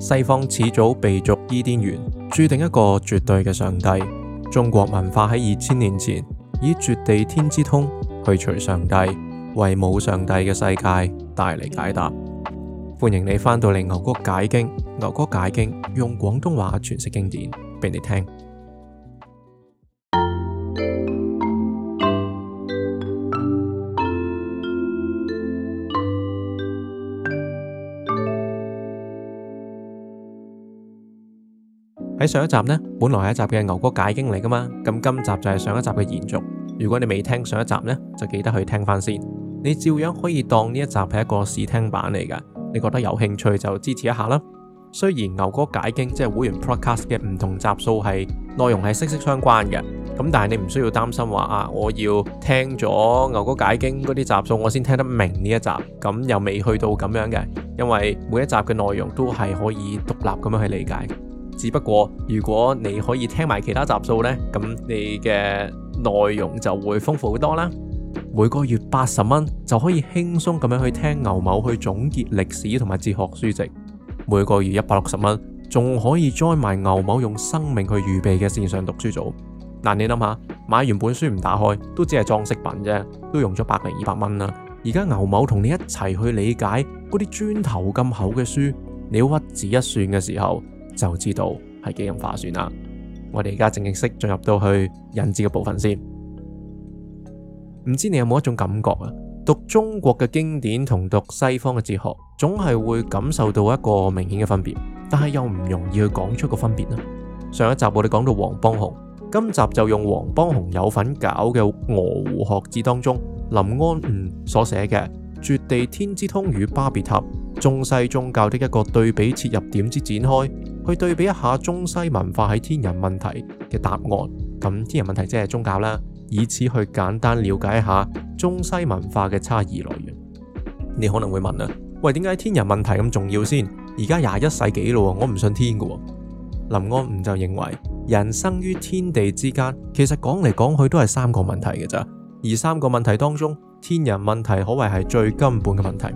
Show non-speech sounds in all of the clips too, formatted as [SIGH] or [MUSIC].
西方始祖被逐伊甸園，注定一個絕對嘅上帝。中國文化喺二千年前，以絕地天之通去除上帝，為冇上帝嘅世界帶嚟解答。歡迎你翻到嚟牛哥解經，牛哥解經用廣東話詮釋經典俾你聽。喺上一集呢，本來係一集嘅牛哥解經嚟㗎嘛，咁今集就係上一集嘅延續。如果你未聽上一集呢，就記得去聽返先。你照樣可以當呢一集係一個試聽版嚟㗎，你覺得有興趣就支持一下啦。雖然牛哥解經即係、就是、會員 podcast 嘅唔同集數係內容係息息相關嘅，咁但係你唔需要擔心話啊，我要聽咗牛哥解經嗰啲集數，我先聽得明呢一集，咁又未去到咁樣嘅，因為每一集嘅內容都係可以獨立咁樣去理解。只不過如果你可以聽埋其他集數呢，咁你嘅內容就會豐富好多啦。每個月八十蚊就可以輕鬆咁樣去聽牛某去總結歷史同埋哲學書籍。每個月一百六十蚊，仲可以 join 埋牛某用生命去預備嘅線上讀書組。嗱、啊，你諗下，買完本書唔打開都只係裝飾品啫，都用咗百零二百蚊啦。而家牛某同你一齊去理解嗰啲磚頭咁厚嘅書，你要屈指一算嘅時候，就知道係幾咁化算啦。我哋而家正式進入到去引致嘅部分先，唔知你有冇一種感覺啊？讀中國嘅經典同讀西方嘅哲學，總係會感受到一個明顯嘅分別，但係又唔容易去講出個分別啊。上一集我哋講到王邦雄，今集就用王邦雄有份搞嘅《鵝湖學誌》當中林安梧所寫嘅《絕地天之通與巴別塔：中西宗教的一個對比切入點》之展開。去對比一下中西文化喺天人問題嘅答案。咁天人問題即係宗教啦，以此去簡單了解一下中西文化嘅差異來源。 [NOISE] 你可能會問啊，喂，點解天人問題咁重要先？而家廿一世紀啦，我唔信天嘅喎。林安梧就認為人生於天地之間，其實講嚟講去都係三個問題嘅咋。而三個問題當中，天人問題可謂係最根本嘅問題。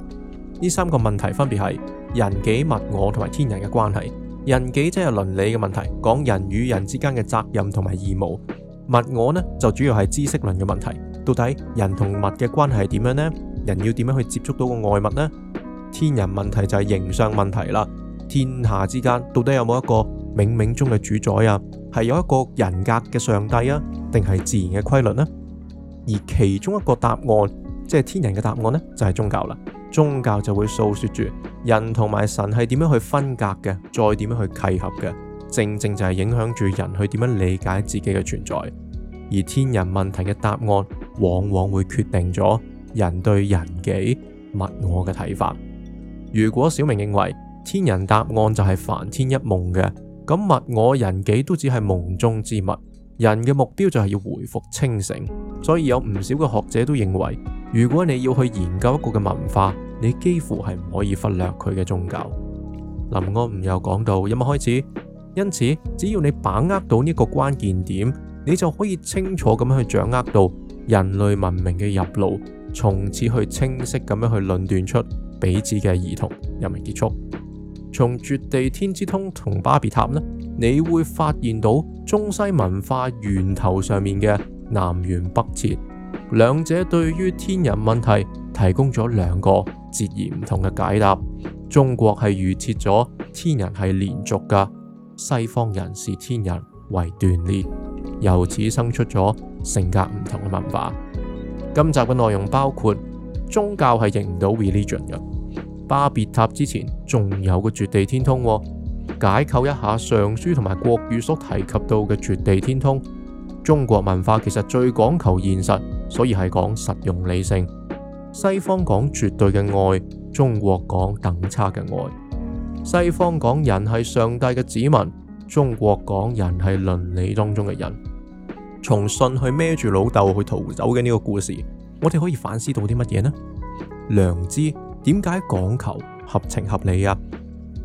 呢三個問題分別係人己物我同埋天人嘅關係。人己即係倫理嘅問題，講人與人之間嘅責任同埋義務；物我呢就主要係知識論嘅問題，到底人同物嘅關係係點樣呢？人要點樣去接觸到個外物呢？天人問題就係形上問題啦，天下之間到底有冇一個冥冥中嘅主宰啊？係有一個人格嘅上帝啊，定係自然嘅規律呢？而其中一個答案，即係天人嘅答案呢，就係宗教啦。宗教就會訴說住人同埋神係點樣去分隔嘅，再點樣去契合嘅，正正就係影響住人去點樣理解自己嘅存在。而天人問題嘅答案，往往會決定咗人對人己物我嘅睇法。如果小明認為天人答案就係梵天一夢嘅，咁物我人己都只係夢中之物。人嘅目標就係要回復清醒，所以有唔少嘅學者都認為，如果你要去研究一個嘅文化，你幾乎係唔可以忽略佢嘅宗教。林安梧又講到，有乜開始？因此，只要你把握到呢個關鍵點，你就可以清楚咁樣去掌握到人類文明嘅入路，從此去清晰咁樣去論斷出彼此嘅異同。又未結束，從絕地天之通同巴別塔呢，你會發現到。中西文化源頭上面嘅南轅北轍，兩者對於天人問題提供咗兩個截然唔同嘅解答。中國係預設咗天人係連續噶，西方人視天人為斷裂，由此生出咗性格唔同嘅文化。今集嘅內容包括宗教係譯唔到 religion 嘅，巴別塔之前仲有個絕地天通哦。解構一下《尚書》同埋《國語》所提及到嘅絕地天通。中國文化其實最講求現實，所以係講實用理性。西方講絕對嘅愛，中國講等差嘅愛。西方講人係上帝嘅子民，中國講人係倫理當中嘅人。從舜去孭住老豆去逃走嘅呢個故事，我哋可以反思到啲乜嘢呢？良知點解講求合情合理啊？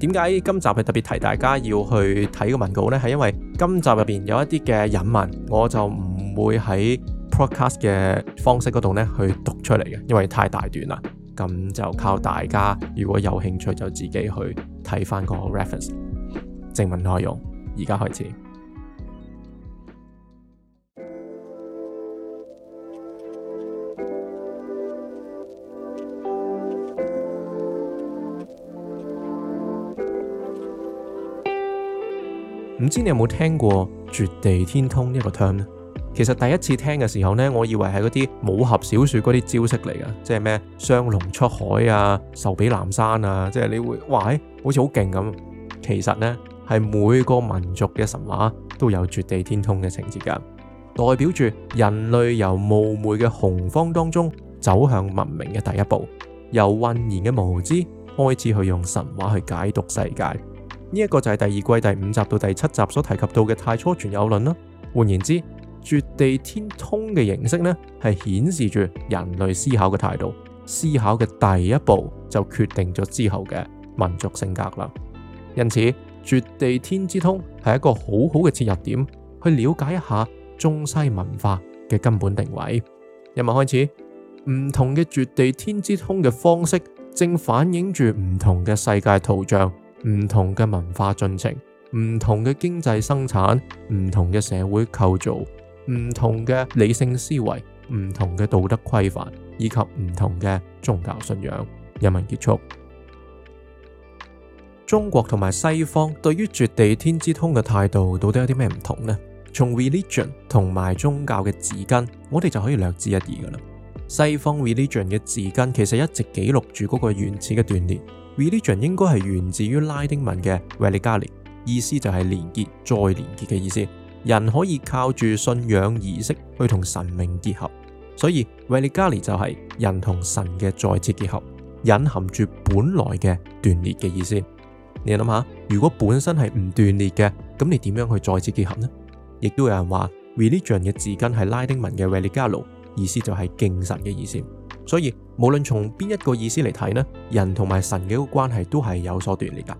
點解今集係特別提大家要去睇個文稿呢？係因為今集入邊有一啲嘅引文，我就唔會喺 podcast 嘅方式嗰度呢去讀出嚟嘅，因為太大段啦。咁就靠大家如果有興趣就自己去睇翻個 reference 正文內容，而家開始。唔知你有冇聽過絕地天通呢個 term 咧？其實第一次聽嘅時候呢，我以為係嗰啲武俠小說嗰啲招式嚟噶，即係咩雙龍出海啊、壽比南山啊，即係你會哇，好似好勁咁。其實呢，係每個民族嘅神話都有絕地天通嘅情節噶，代表住人類由霧昧嘅洪荒當中走向文明嘅第一步，由渾然嘅無知開始去用神話去解讀世界。呢一個就係第二季第五集到第七集所提及到嘅太初全有論啦。換言之，絕地天通嘅形式呢，係顯示住人類思考嘅態度，思考嘅第一步就決定咗之後嘅民族性格啦。因此，絕地天之通係一個好好嘅切入點，去了解一下中西文化嘅根本定位。一問開始，唔同嘅絕地天之通嘅方式，正反映住唔同嘅世界圖像。唔同嘅文化進程，唔同嘅經濟生產，唔同嘅社會構造，唔同嘅理性思維，唔同嘅道德規範，以及唔同嘅宗教信仰，人民結束。中國同埋西方對於絕地天之通嘅態度，到底有啲咩唔同呢？從 religion 同埋宗教嘅字根，我哋就可以略知一二㗎喇。西方 religion 嘅字根其實一直記錄住嗰個原始嘅斷裂。Religion 應該係源自於拉丁文嘅 Religali，意思就係連結、再連結嘅意思。人可以靠住信仰儀式去同神明結合，所以 Religali 就係人同神嘅再次結合，隱含住本來嘅斷裂嘅意思。你諗下，如果本身係唔斷裂嘅，咁你點樣去再次結合呢？亦都有人話，Religion 嘅字根係拉丁文嘅 Religalo，意思就係敬神嘅意思。所以，無論從邊一個意思嚟睇呢，人同埋神嘅個關係都係有所斷裂㗎。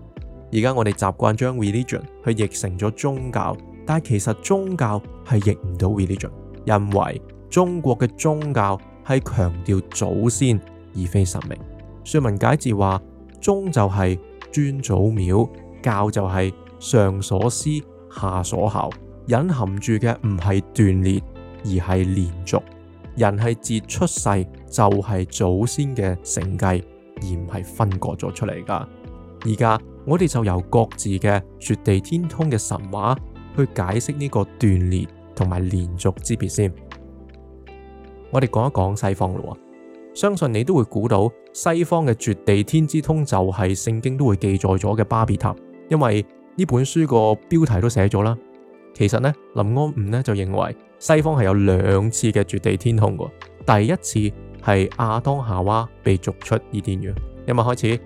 而家我哋習慣將 religion 去譯成咗宗教，但係其實宗教係譯唔到 religion，因為中國嘅宗教係強調祖先而非神明。說文解字話，宗就係尊祖廟，教就係上所施，下所效，隱含住嘅唔係斷裂，而係連續。人係自出世就係祖先嘅承繼，而唔係分割咗出嚟噶。而家我哋就由各自嘅絕地天通嘅神話去解釋呢個斷裂同埋連續之別先。我哋講一講西方啦，相信你都會估到西方嘅絕地天之通就係聖經都會記載咗嘅巴別塔，因為呢本書個標題都寫咗啦。其實呢，林安梧呢就認為。西方係有兩次嘅絕地天通喎，第一次係亞當夏娃被逐出伊甸園。一日開始，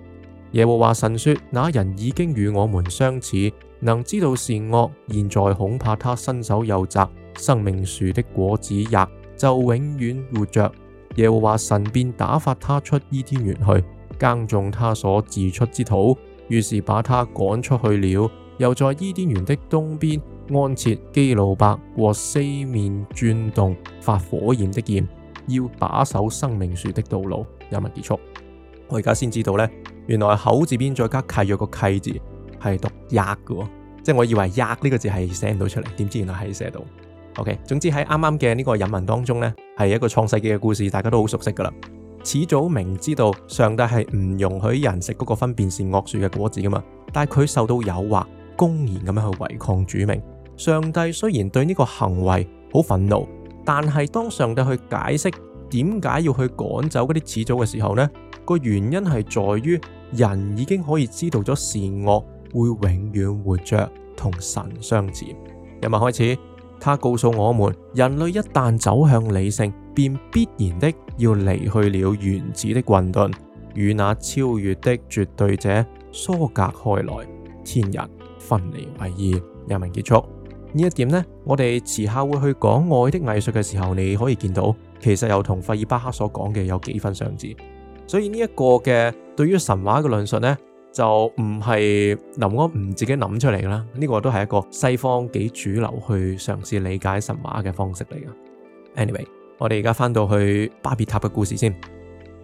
耶和華神說：那人已經與我們相似，能知道善惡。現在恐怕他伸手又摘生命樹的果子吃，就永遠活着。耶和華神便打發他出伊甸園去，耕種他所自出之土。於是把他趕出去了，又在伊甸園的東邊，安設基路伯和四面轉動發火焰的劍，要把守生命樹的道路。引文結束。我而家先知道呢，原來口字邊再加契約個契字係讀壓嘅，即係我以為壓呢個字係寫唔到出嚟，點知原來係寫到。OK，總之喺啱啱嘅呢個引文當中呢，係一個創世紀嘅故事，大家都好熟悉噶啦。始祖明知道上帝係唔容許人食嗰個分辨善惡樹嘅果子噶嘛，但係佢受到誘惑，公然咁樣去違抗主命。上帝雖然對呢個行為好憤怒，但係當上帝去解釋點解要去趕走嗰啲始祖嘅時候，呢個原因係在於人已經可以知道咗善惡，會永遠活着同神相似。引文開始，他告訴我們人類一旦走向理性，便必然的要離去了原始的混沌，與那超越的絕對者疏隔開來，天人分離為二。引文結束。呢一點呢，我哋遲下會去講愛的藝術嘅時候，你可以見到，其實又同費爾巴哈所講嘅有幾分相似。所以呢一個嘅對於神話嘅論述呢，就唔係林安梧自己諗出嚟啦。呢個都係一個西方幾主流去嘗試理解神話嘅方式嚟噶。Anyway，我哋而家翻到去巴別塔嘅故事先。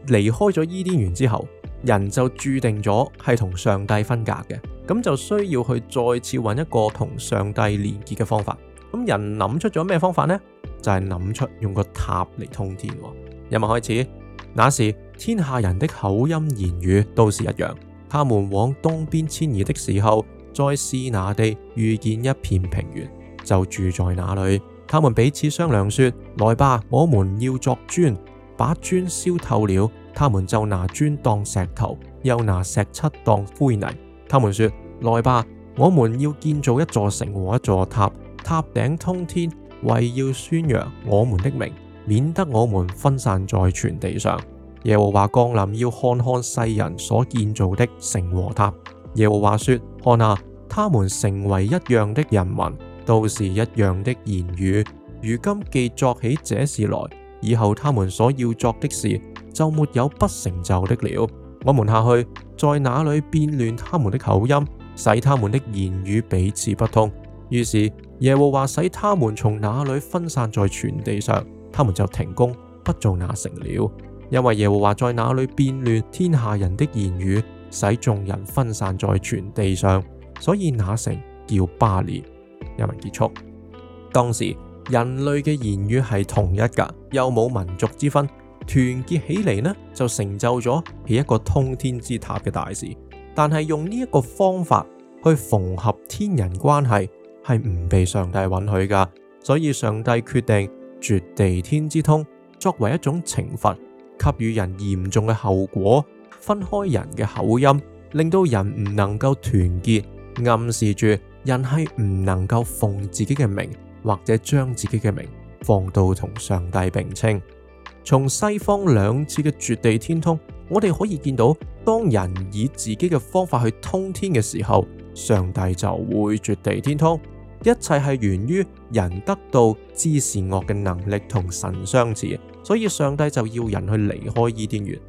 離開咗伊甸園之後，人就注定咗係同上帝分隔嘅。咁就需要去再次揾一個同上帝連結嘅方法。咁人諗出咗咩方法呢？就係、是、諗出用個塔嚟通天、哦。一文開始，那時天下人的口音言語都是一樣。他們往東邊遷移的時候，在示拿地遇見一片平原，就住在那裏。他們彼此商量說：來吧，我們要作磚，把磚燒透了，他們就拿磚當石頭，又拿石漆當灰泥。他們說：來吧，我們要建造一座城和一座塔，塔頂通天，為要宣揚我們的名，免得我們分散在全地上。耶和華降臨，要看看世人所建造的城和塔。耶和華說：看啊，他們成為一樣的人民，都是一樣的言語。如今既作起這事來，以後他們所要作的事，就沒有不成就的了。我們下去，在那裏變亂他們的口音，使他們的言語彼此不通。於是耶和華使他們從那裏分散在全地上，他們就停工不做那城了，因為耶和華在那裏變亂天下人的言語，使眾人分散在全地上，所以那城叫巴別。引文結束。當時人類嘅言語係同一㗎，又冇民族之分。團結起嚟呢就成就咗係一個通天之塔嘅大事。但係用呢一個方法去縫合天人關係，係唔被上帝允許㗎。所以上帝決定絕地天之通作為一種懲罰，給予人嚴重嘅後果，分開人嘅口音，令到人唔能夠團結，暗示住人係唔能夠奉自己嘅名，或者將自己嘅名放到同上帝並稱。從西方兩次嘅絕地天通，我哋可以見到，當人以自己嘅方法去通天嘅時候，上帝就會絕地天通。一切係源於人得到知善惡嘅能力同神相似，所以上帝就要人去離開伊甸園。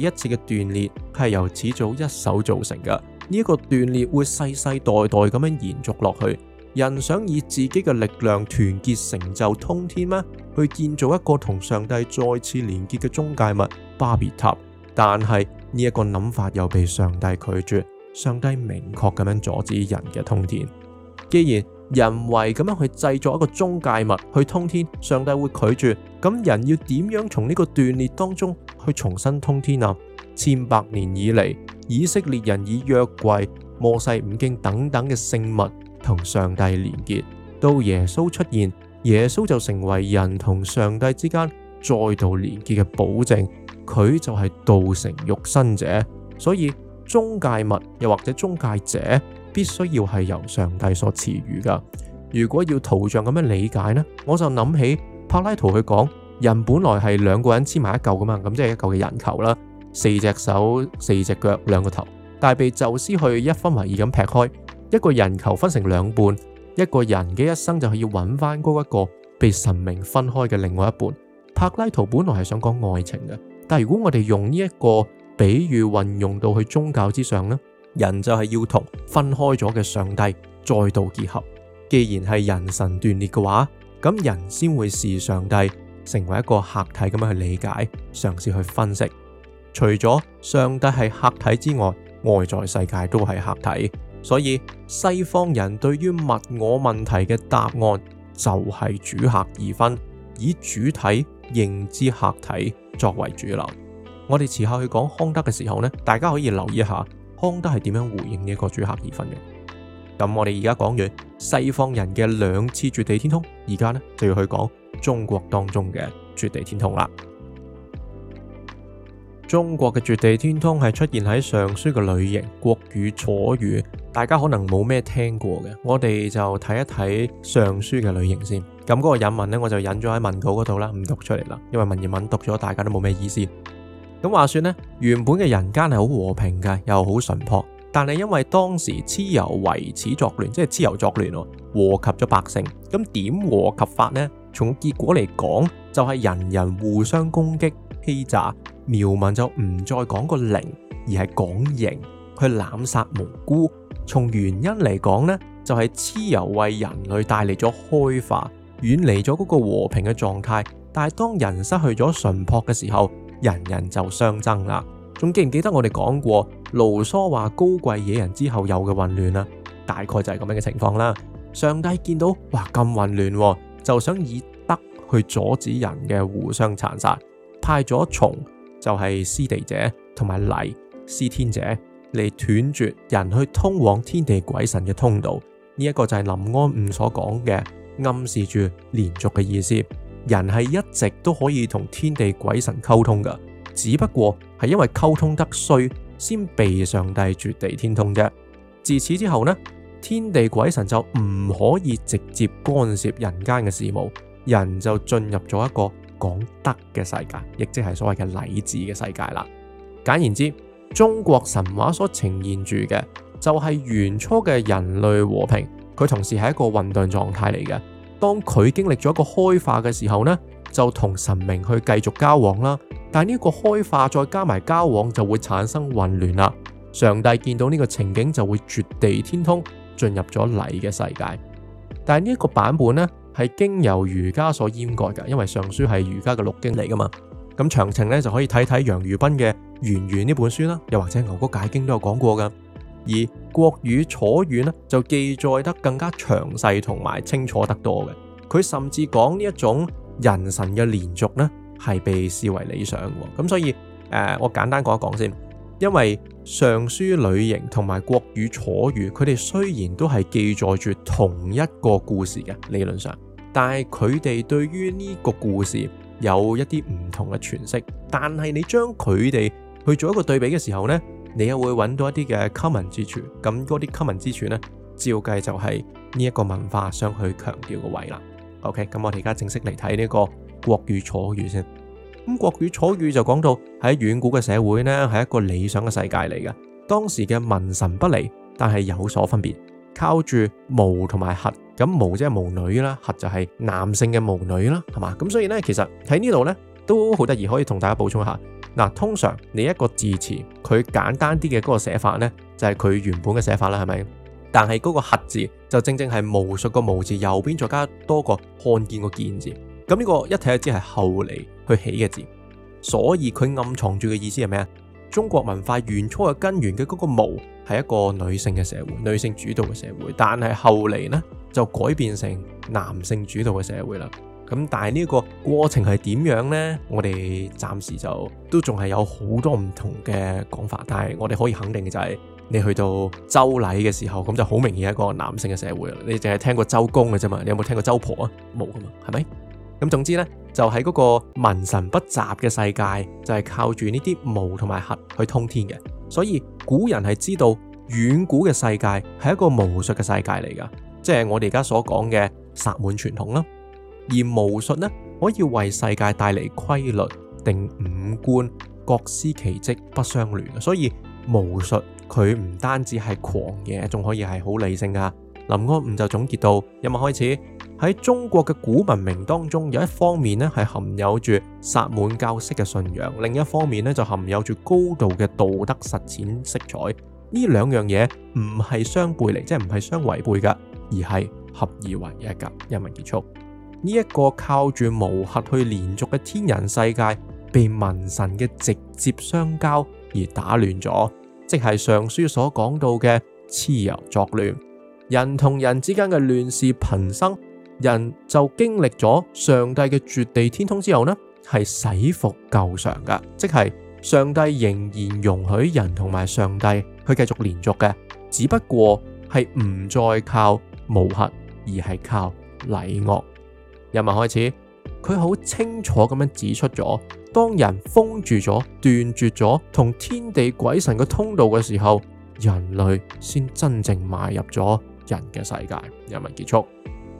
第一次嘅斷裂係由始祖一手造成嘅，呢個斷裂會世世代代咁樣延續落去。人想以自己嘅力量團結成就通天嗎？去建造一個同上帝再次連結嘅中介物巴別塔，但係呢一個諗法又被上帝拒絕。上帝明確咁樣阻止人嘅通天。既然人為咁樣去製造一個中介物去通天，上帝會拒絕。咁人要點樣從呢個斷裂當中去重新通天啊？千百年以嚟，以色列人以約櫃、摩西五經等等嘅聖物，同上帝連結到耶穌出現，耶穌就成為人同上帝之間再度連結嘅保證。佢就係道成肉身者，所以中介物又或者中介者必須要係由上帝所賜予噶。如果要圖像咁樣理解呢，我就諗起柏拉圖佢講，人本來係兩個人黐埋一嚿噶嘛，咁即係一嚿嘅人球啦，四隻手、四隻腳、兩個頭，但係被宙斯去一分為二咁劈開。一個人球分成兩半，一個人嘅一生就係要揾翻嗰一個被神明分開嘅另外一半。柏拉圖本來係想講愛情嘅，但如果我哋用呢一個比喻運用到去宗教之上呢，人就係要同分開咗嘅上帝再度結合。既然係人神斷裂嘅話，咁人先會視上帝成為一個客體咁樣去理解，嘗試去分析。除咗上帝係客體之外，外在世界都係客體。所以西方人對於物我問題嘅答案就係主客二分，以主體認知客體作為主流。我哋遲下去講康德嘅時候呢，大家可以留意下康德係點樣回應呢一個主客二分嘅。咁我哋而家講完西方人嘅兩次絕地天通，而家呢就要去講中國當中嘅絕地天通啦。中國嘅絕地天通係出現喺《尚書》嘅類型國語、楚語。大家可能冇咩聽過嘅，我哋就睇一睇尚書嘅類型先。咁嗰個引文呢，我就引咗喺文稿嗰度啦，唔讀出嚟啦，因為文言文讀咗大家都冇咩意思。咁話説呢，原本嘅人間係好和平嘅，又好淳樸，但係因為當時蚩尤惟始作亂，即係蚩尤作亂喎，禍及咗百姓。咁點禍及法呢？從結果嚟講，就係、是、人人互相攻擊欺詐。苗民就唔再講個靈，而係講刑去濫殺無辜。從原因嚟講呢，就係蚩尤為人類帶嚟咗開發，遠離咗嗰個和平嘅狀態。但係當人失去咗純樸嘅時候，人人就相爭啦。仲記唔記得我哋講過盧梭話高貴野人之後有嘅混亂啦？大概就係咁樣嘅情況啦。上帝見到哇咁混亂，啊，就想以德去阻止人嘅互相殘殺，派咗重就係、是、司地者同埋黎司天者，嚟斷絕人去通往天地鬼神嘅通道，呢、這、一個就係林安梧所講嘅，暗示住連續嘅意思。人係一直都可以同天地鬼神溝通嘅，只不過係因為溝通得衰，先被上帝絕地天通啫。自此之後呢，天地鬼神就唔可以直接干涉人間嘅事務，人就進入咗一個講德嘅世界，亦即係所謂嘅禮治嘅世界啦。簡言之。中國神話所呈現住嘅就係、是、原初嘅人類和平，佢同時係一個混沌狀態嚟嘅。當佢經歷咗一個開化嘅時候呢，就同神明去繼續交往啦。但呢個開化再加埋交往就會產生混亂啦。上帝見到呢個情景就會絕地天通，進入咗禮嘅世界。但係呢一個版本呢係經由儒家所掩蓋嘅，因為尚書係儒家嘅六經嚟噶嘛。咁詳情呢就可以睇睇楊儒賓嘅。《圓圓》呢本書啦，又或者《牛哥解經》都有講過噶，而《國語楚語》呢就記載得更加詳細同埋清楚得多嘅。佢甚至講呢一種人神嘅連續呢，係被視為理想。咁所以，誒、呃，我簡單講一講先。因為《尚書呂刑》同埋《國語楚語》，佢哋雖然都係記載住同一個故事嘅，理論上，但係佢哋對於呢個故事有一啲唔同嘅詮釋。但係你將佢哋去做一個對比嘅時候呢，你又會揾到一啲嘅 common 之處。咁嗰啲 common 之處呢，照計就係呢一個文化想去強調嘅位啦。OK，咁我哋而家正式嚟睇呢個國語楚語先。咁國語楚語就講到喺遠古嘅社會呢係一個理想嘅世界嚟嘅。當時嘅文神不離，但係有所分別，靠住巫同埋核。咁巫即係巫女啦，核就係男性嘅巫女啦，係嘛？咁所以呢，其實喺呢度呢，都好得意，可以同大家補充一下。嗱，通常你一個字詞，佢簡單啲嘅嗰個寫法呢，就係、是、佢原本嘅寫法啦，係咪？但係嗰個「覡」字就正正係巫術個巫字右邊再加多個看見個見字，咁呢個一睇就知係後嚟去起嘅字，所以佢暗藏住嘅意思係咩啊？中國文化原初嘅根源嘅嗰個巫係一個女性嘅社會，女性主導嘅社會，但係後嚟呢，就改變成男性主導嘅社會啦。咁，但係呢個過程係點樣呢？我哋暫時就都仲係有好多唔同嘅講法，但係我哋可以肯定嘅就係、是、你去到周禮嘅時候，咁就好明顯係一個男性嘅社會啦。你淨係聽過周公嘅啫嘛？你有冇聽過周婆啊？冇噶嘛，係咪？咁總之呢，就喺嗰個民神不雜嘅世界，就係、是、靠住呢啲巫同埋覡去通天嘅。所以古人係知道遠古嘅世界係一個巫術嘅世界嚟噶，即係我哋而家所講嘅薩滿傳統啦。而巫術呢，可以為世界帶嚟規律，定五官，各司其職，不相聯。所以巫術佢唔單止係狂野，仲可以係好理性噶林安梧就總結到：一文開始，喺中國嘅古文明當中，有一方面呢係含有住薩滿教式嘅信仰，另一方面呢就含有住高度嘅道德實踐色彩。呢兩樣嘢唔係相背離，即係唔係相違背噶，而係合二為一噶。一文結束。呢一個靠住巫覡去連續嘅天人世界，被民神嘅直接相交而打亂咗，即係尚書所講到嘅蚩尤作亂。人同人之間嘅亂事頻生，人就經歷咗上帝嘅絕地天通之後呢，係死服舊常嘅，即係上帝仍然容許人同埋上帝去繼續連續嘅，只不過係唔再靠巫覡，而係靠禮樂。人民開始，佢好清楚咁樣指出咗，當人封住咗、斷絕咗同天地鬼神嘅通道嘅時候，人類先真正邁入咗人嘅世界。人民結束。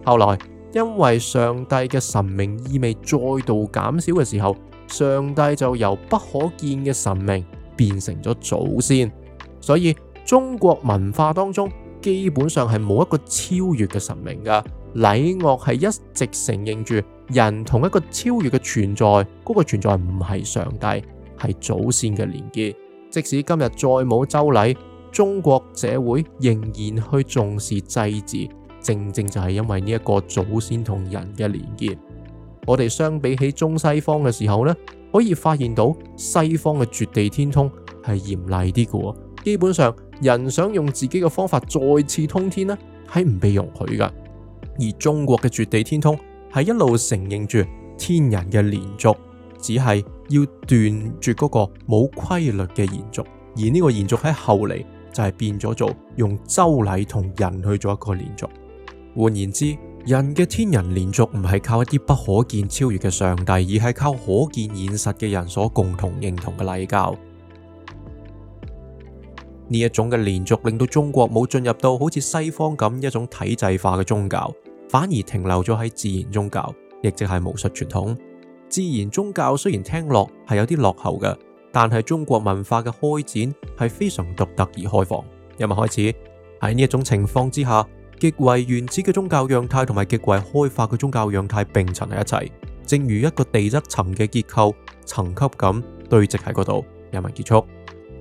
後來因為上帝嘅神明意味再度減少嘅時候，上帝就由不可見嘅神明變成咗祖先，所以中國文化當中基本上係冇一個超越嘅神明㗎。禮樂係一直承認住人同一個超越嘅存在，嗰個存在唔係上帝，係祖先嘅連結。即使今日再冇周禮，中國社會仍然去重視祭祀，正正就係因為呢一個祖先同人嘅連結。我哋相比起中西方嘅時候呢，可以發現到西方嘅絕地天通係嚴厲啲嘅，基本上人想用自己嘅方法再次通天呢係唔被容許嘅。而中國嘅絕地天通係一路承認住天人嘅連續，只係要斷絕嗰個冇規律嘅連續。而呢個連續喺後嚟就係變咗做用周禮同人去做一個連續。換言之，人嘅天人連續唔係靠一啲不可見超越嘅上帝，而係靠可見現實嘅人所共同認同嘅禮教。呢一種嘅連續，令到中國冇進入到好似西方咁一種體制化嘅宗教。反而停留咗喺自然宗教，亦即係巫術傳統。自然宗教雖然聽落係有啲落後嘅，但係中國文化嘅開展係非常獨特而開放。引文開始，喺呢一種情況之下，極為原始嘅宗教樣態同埋極為開發嘅宗教樣態並存喺一齊，正如一個地質層嘅結構，層級咁堆積喺嗰度。引文結束，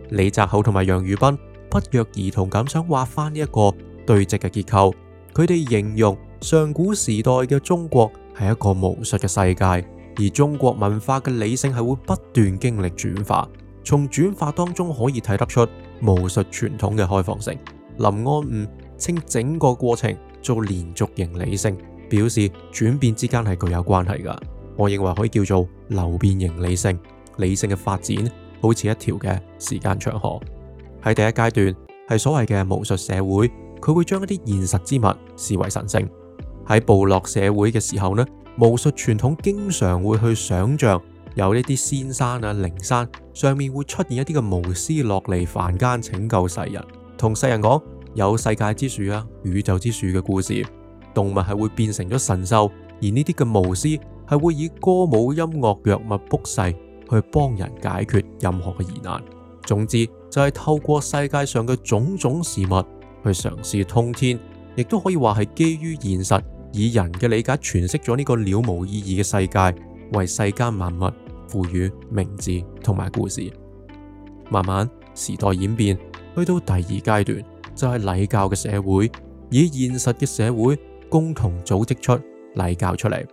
李澤厚同埋楊宇斌不約而同咁想畫翻呢一個堆積嘅結構，佢哋形容。上古時代嘅中國係一個巫術嘅世界，而中國文化嘅理性係會不斷經歷轉化，從轉化當中可以睇得出巫術傳統嘅開放性。林安梧稱整個過程做連續型理性，表示轉變之間係具有關係噶。我認為可以叫做流變型理性，理性嘅發展好似一條嘅時間長河。喺第一階段係所謂嘅巫術社會，佢會將一啲現實之物視為神聖。喺部落社會嘅時候呢，巫術傳統經常會去想象有一啲仙山啊、靈山，上面會出現一啲嘅巫師落嚟凡間拯救世人，同世人講有世界之樹啊、宇宙之樹嘅故事。動物係會變成咗神獸，而呢啲嘅巫師係會以歌舞、音樂、藥物、卜世去幫人解決任何嘅疑難。總之就係透過世界上嘅種種事物去嘗試通天，亦都可以話係基於現實。以人嘅理解詮釋咗呢個了無意義嘅世界，為世間萬物賦予名字同埋故事。慢慢時代演變，去到第二階段就係、是、禮教嘅社會，以現實嘅社會共同組織出禮教出嚟，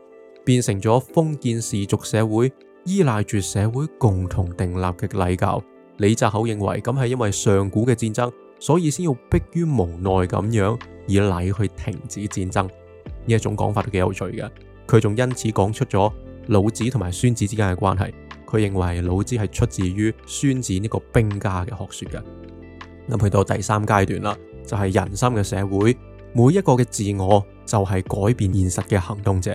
變成咗封建氏族社會，依賴住社會共同訂立嘅禮教。李澤厚認為咁係因為上古嘅戰爭，所以先要逼於無奈咁樣以禮去停止戰爭。呢一種講法都幾有趣嘅，佢仲因此講出咗老子同埋孫子之間嘅關係，佢認為老子係出自於孫子呢個兵家嘅學說嘅。咁去到第三階段啦，就係人心嘅社會，每一個嘅自我就係改變現實嘅行動者。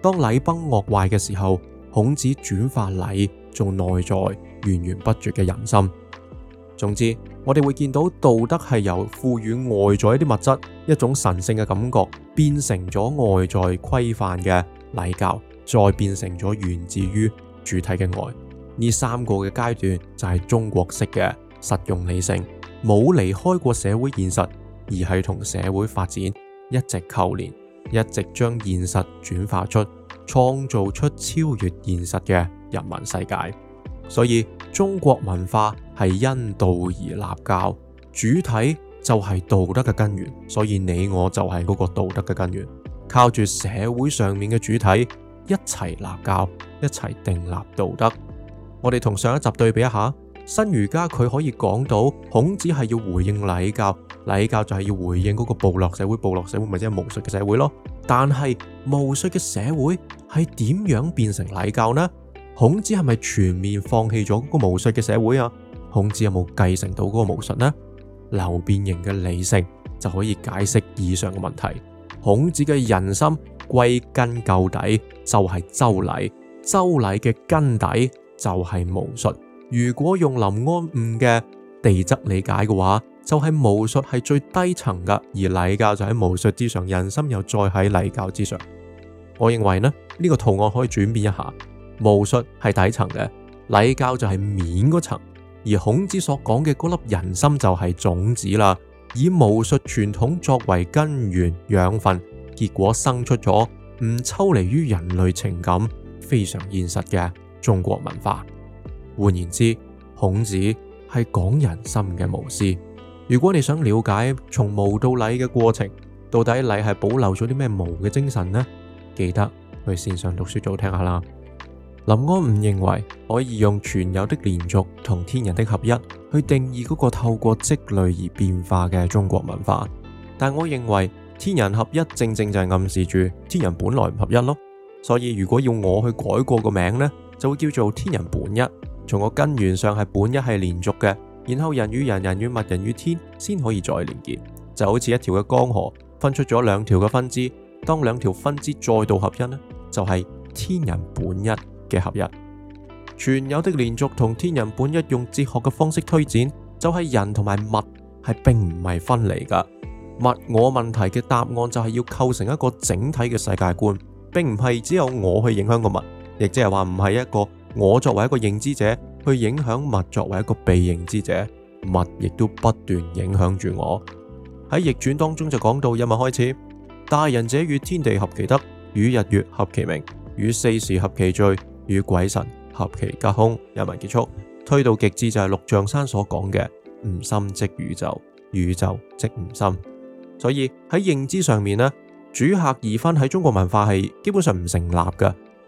當禮崩樂壞嘅時候，孔子轉化禮做內在源源不絕嘅人心。總之。我哋會見到道德係由賦予外在一啲物質、一種神聖嘅感覺，變成咗外在規範嘅禮教，再變成咗源自於主體嘅愛。呢三個嘅階段就係中國式嘅實用理性，冇離開過社會現實，而係同社會發展一直扣連，一直將現實轉化出，創造出超越現實嘅人文世界。所以中國文化係因道而立教，主體就係道德嘅根源。所以你我就係嗰個道德嘅根源，靠住社會上面嘅主體一齊立教，一齊定立道德。我哋同上一集對比一下，新儒家佢可以講到孔子係要回應禮教，禮教就係要回應嗰個部落社會、部落社會，咪即係巫術嘅社會咯。但係巫術嘅社會係點樣變成禮教呢？孔子係咪全面放棄咗嗰個巫術嘅社會啊？孔子有冇繼承到嗰個巫術呢？流變形嘅理性就可以解釋以上嘅問題。孔子嘅人心歸根究底就係周禮，周禮嘅根底就係巫術。如果用林安梧嘅地質理解嘅話，就係、是、巫術係最低層嘅，而禮教就喺巫術之上，人心又再喺禮教之上。我認為呢，呢、這個圖案可以轉變一下。巫術係底層嘅，禮教就係面嗰層，而孔子所講嘅嗰粒人心就係種子啦。以巫術傳統作為根源養分，結果生出咗唔抽離於人類情感，非常現實嘅中國文化。換言之，孔子係講人心嘅巫師。如果你想了解從巫到禮嘅過程，到底禮係保留咗啲咩巫嘅精神呢？記得去綫上讀書組聽下啦。林安梧認為可以用存有的連續同天人的合一去定義嗰個透過積累而變化嘅中國文化，但我認為天人合一正正就係暗示住天人本來唔合一咯。所以如果要我去改過個名呢，就會叫做天人本一。從個根源上係本一係連續嘅，然後人與人、人與物、人與天先可以再連結，就好似一條嘅江河分出咗兩條嘅分支，當兩條分支再度合一呢，就係天人本一。嘅合入，全有的連續同天人本一用哲學嘅方式推展，就係、是、人同埋物係並唔係分離噶物我問題嘅答案就係要構成一個整體嘅世界觀，並唔係只有我去影響個物，亦即係話唔係一個我作為一個認知者去影響物作為一個被認知者，物亦都不斷影響住我。喺易傳當中就講到一物開始，大人者與天地合其德，與日月合其明，與四時合其序。與鬼神合其隔空，又唔結束，推到極致就係陸象山所講嘅，吾心即宇宙，宇宙即吾心。所以喺認知上面咧，主客二分喺中國文化係基本上唔成立嘅，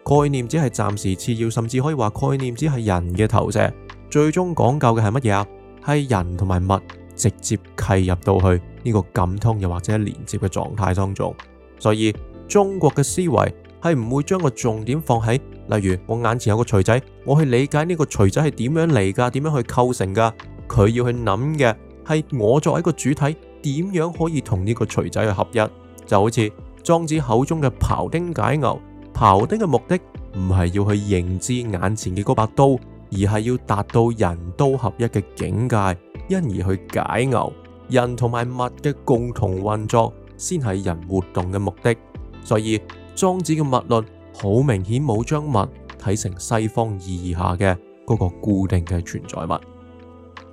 概念只係暫時次要，甚至可以話概念只係人嘅投射。最終講究嘅係乜嘢啊？係人同埋物直接契入到去呢個感通又或者連接嘅狀態當中。所以中國嘅思維。係唔會將個重點放喺，例如我眼前有個錘仔，我去理解呢個錘仔係點樣嚟噶，點樣去構成噶。佢要去諗嘅係我作為一個主體，點樣可以同呢個錘仔去合一。就好似莊子口中嘅庖丁解牛，庖丁嘅目的唔係要去認知眼前嘅嗰把刀，而係要達到人刀合一嘅境界，因而去解牛。人同埋物嘅共同運作，先係人活動嘅目的。所以。莊子嘅物論好明顯冇將物睇成西方意義下嘅嗰個固定嘅存在物。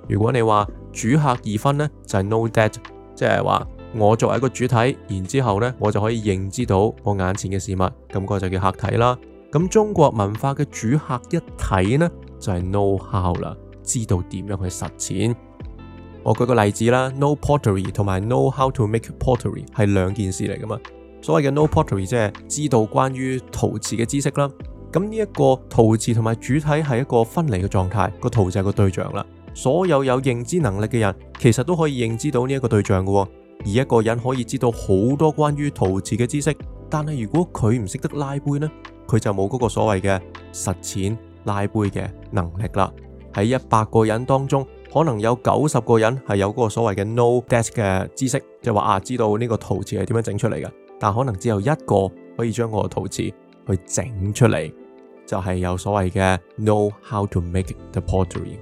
如果你話主客二分呢，就係 know that，即係話我作為一個主體，然之後咧我就可以認知到我眼前嘅事物，咁、嗰個就叫客體啦。咁中國文化嘅主客一體呢，就係、是、know how 啦，知道點樣去實踐。我舉個例子啦，know pottery 同埋 know how to make pottery 係兩件事嚟噶嘛。所謂嘅 no pottery 即係知道關於陶瓷嘅知識啦。咁呢一個陶瓷同埋主體係一個分離嘅狀態，個陶就係個對象啦。所有有認知能力嘅人其實都可以認知到呢一個對象嘅。而一個人可以知道好多關於陶瓷嘅知識，但係如果佢唔識得拉杯呢，佢就冇嗰個所謂嘅實踐拉杯嘅能力啦。喺一百個人當中，可能有九十個人係有嗰個所謂嘅 no desk 嘅知識，就話、是、啊，知道呢個陶瓷係點樣整出嚟嘅。但可能只有一個可以將嗰個陶瓷去整出嚟，就係有所謂嘅 know how to make the pottery。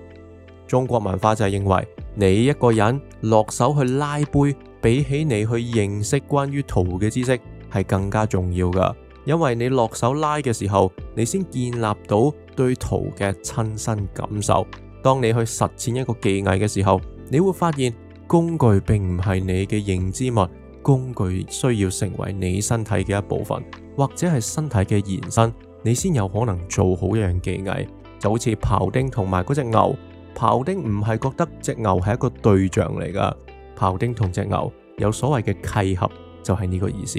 中國文化就係認為你一個人落手去拉杯，比起你去認識關於陶嘅知識係更加重要㗎，因為你落手拉嘅時候，你先建立到對陶嘅親身感受。當你去實踐一個技藝嘅時候，你會發現工具並唔係你嘅認知物。工具需要成為你身體嘅一部分，或者係身體嘅延伸，你先有可能做好一樣技藝。就好似庖丁同埋嗰隻牛，庖丁唔係覺得隻牛係一個對象嚟噶，庖丁同隻牛有所謂嘅契合，就係呢個意思。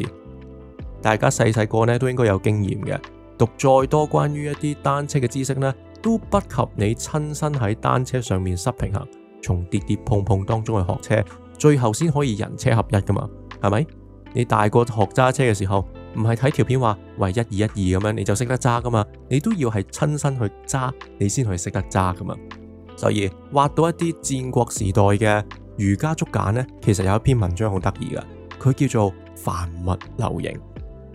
大家細細個呢都應該有經驗嘅，讀再多關於一啲單車嘅知識呢，都不及你親身喺單車上面失平衡，從跌跌碰碰碰當中去學車，最後先可以人車合一噶嘛。係咪？你大個學揸車嘅時候，唔係睇條片話，喂，一二一二咁樣，你就識得揸噶嘛？你都要係親身去揸，你先去識得揸噶嘛。所以挖到一啲戰國時代嘅儒家竹簡呢，其實有一篇文章好得意噶，佢叫做《凡物流形》。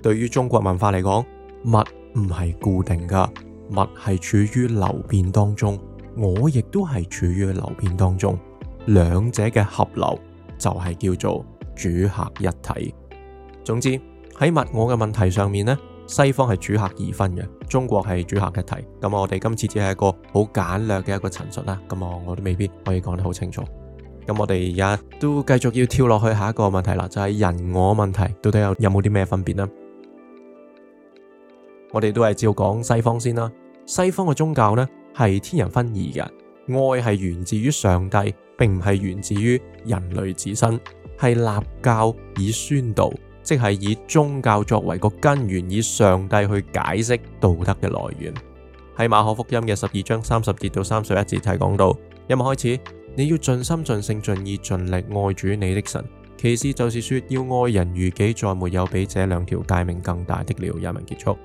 對於中國文化嚟講，物唔係固定噶，物係處於流變當中，我亦都係處於流變當中，兩者嘅合流就係叫做。主客一體。總之喺物我嘅問題上面呢，西方係主客二分嘅，中國係主客一體。咁我哋今次只係一個好簡略嘅一個陳述啦。咁啊，我都未必可以講得好清楚。咁我哋而家都繼續要跳落去下一個問題啦，就係人我問題到底有有冇啲咩分別呢？我哋都係照講西方先啦。西方嘅宗教呢，係天人分異嘅，愛係源自於上帝，並唔係源自於人類自身。係立教以宣道，即係以宗教作為個根源，以上帝去解釋道德嘅來源。喺馬可福音嘅十二章三十節到三十一節提講到，一文開始你要盡心盡性盡意盡力愛主你的神。其次就是說要愛人如己，再沒有比這兩條誡命更大的了。一文結束，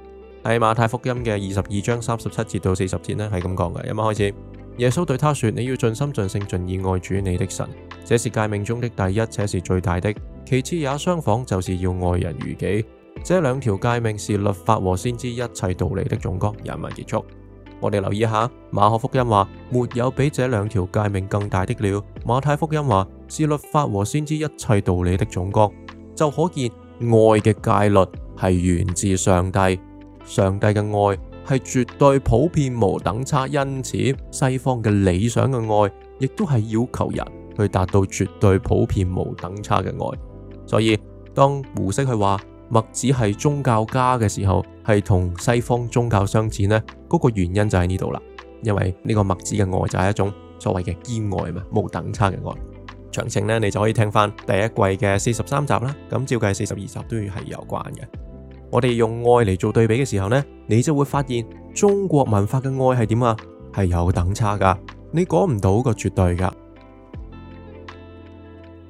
喺馬太福音嘅二十二章三十七節到四十節呢係咁講嘅。一文開始，耶穌對他說你要盡心盡性盡意愛主你的神。這是誡命中的第一，且是最大的。其次也相仿，就是要愛人如己。這兩條誡命是律法和先知一切道理的總綱。人民結束，我哋留意下馬可福音話，沒有比這兩條誡命更大的了。馬太福音話是律法和先知一切道理的總綱，就可見愛嘅戒律係源自上帝，上帝嘅愛係絕對普遍無等差，因此西方嘅理想嘅愛亦都係要求人，去達到絕對普遍無等差嘅愛，所以當胡適去話墨子係宗教家嘅時候，係同西方宗教相似呢，嗰個原因就喺呢度啦。因為呢個墨子嘅愛就係一種所謂嘅兼愛嘛，冇等差嘅愛。詳情呢，你就可以聽翻第一季嘅四十三集啦。咁照計四十二集都要係有關嘅。我哋用愛嚟做對比嘅時候呢，你就會發現中國文化嘅愛係點啊？係有等差噶，你講唔到個絕對噶。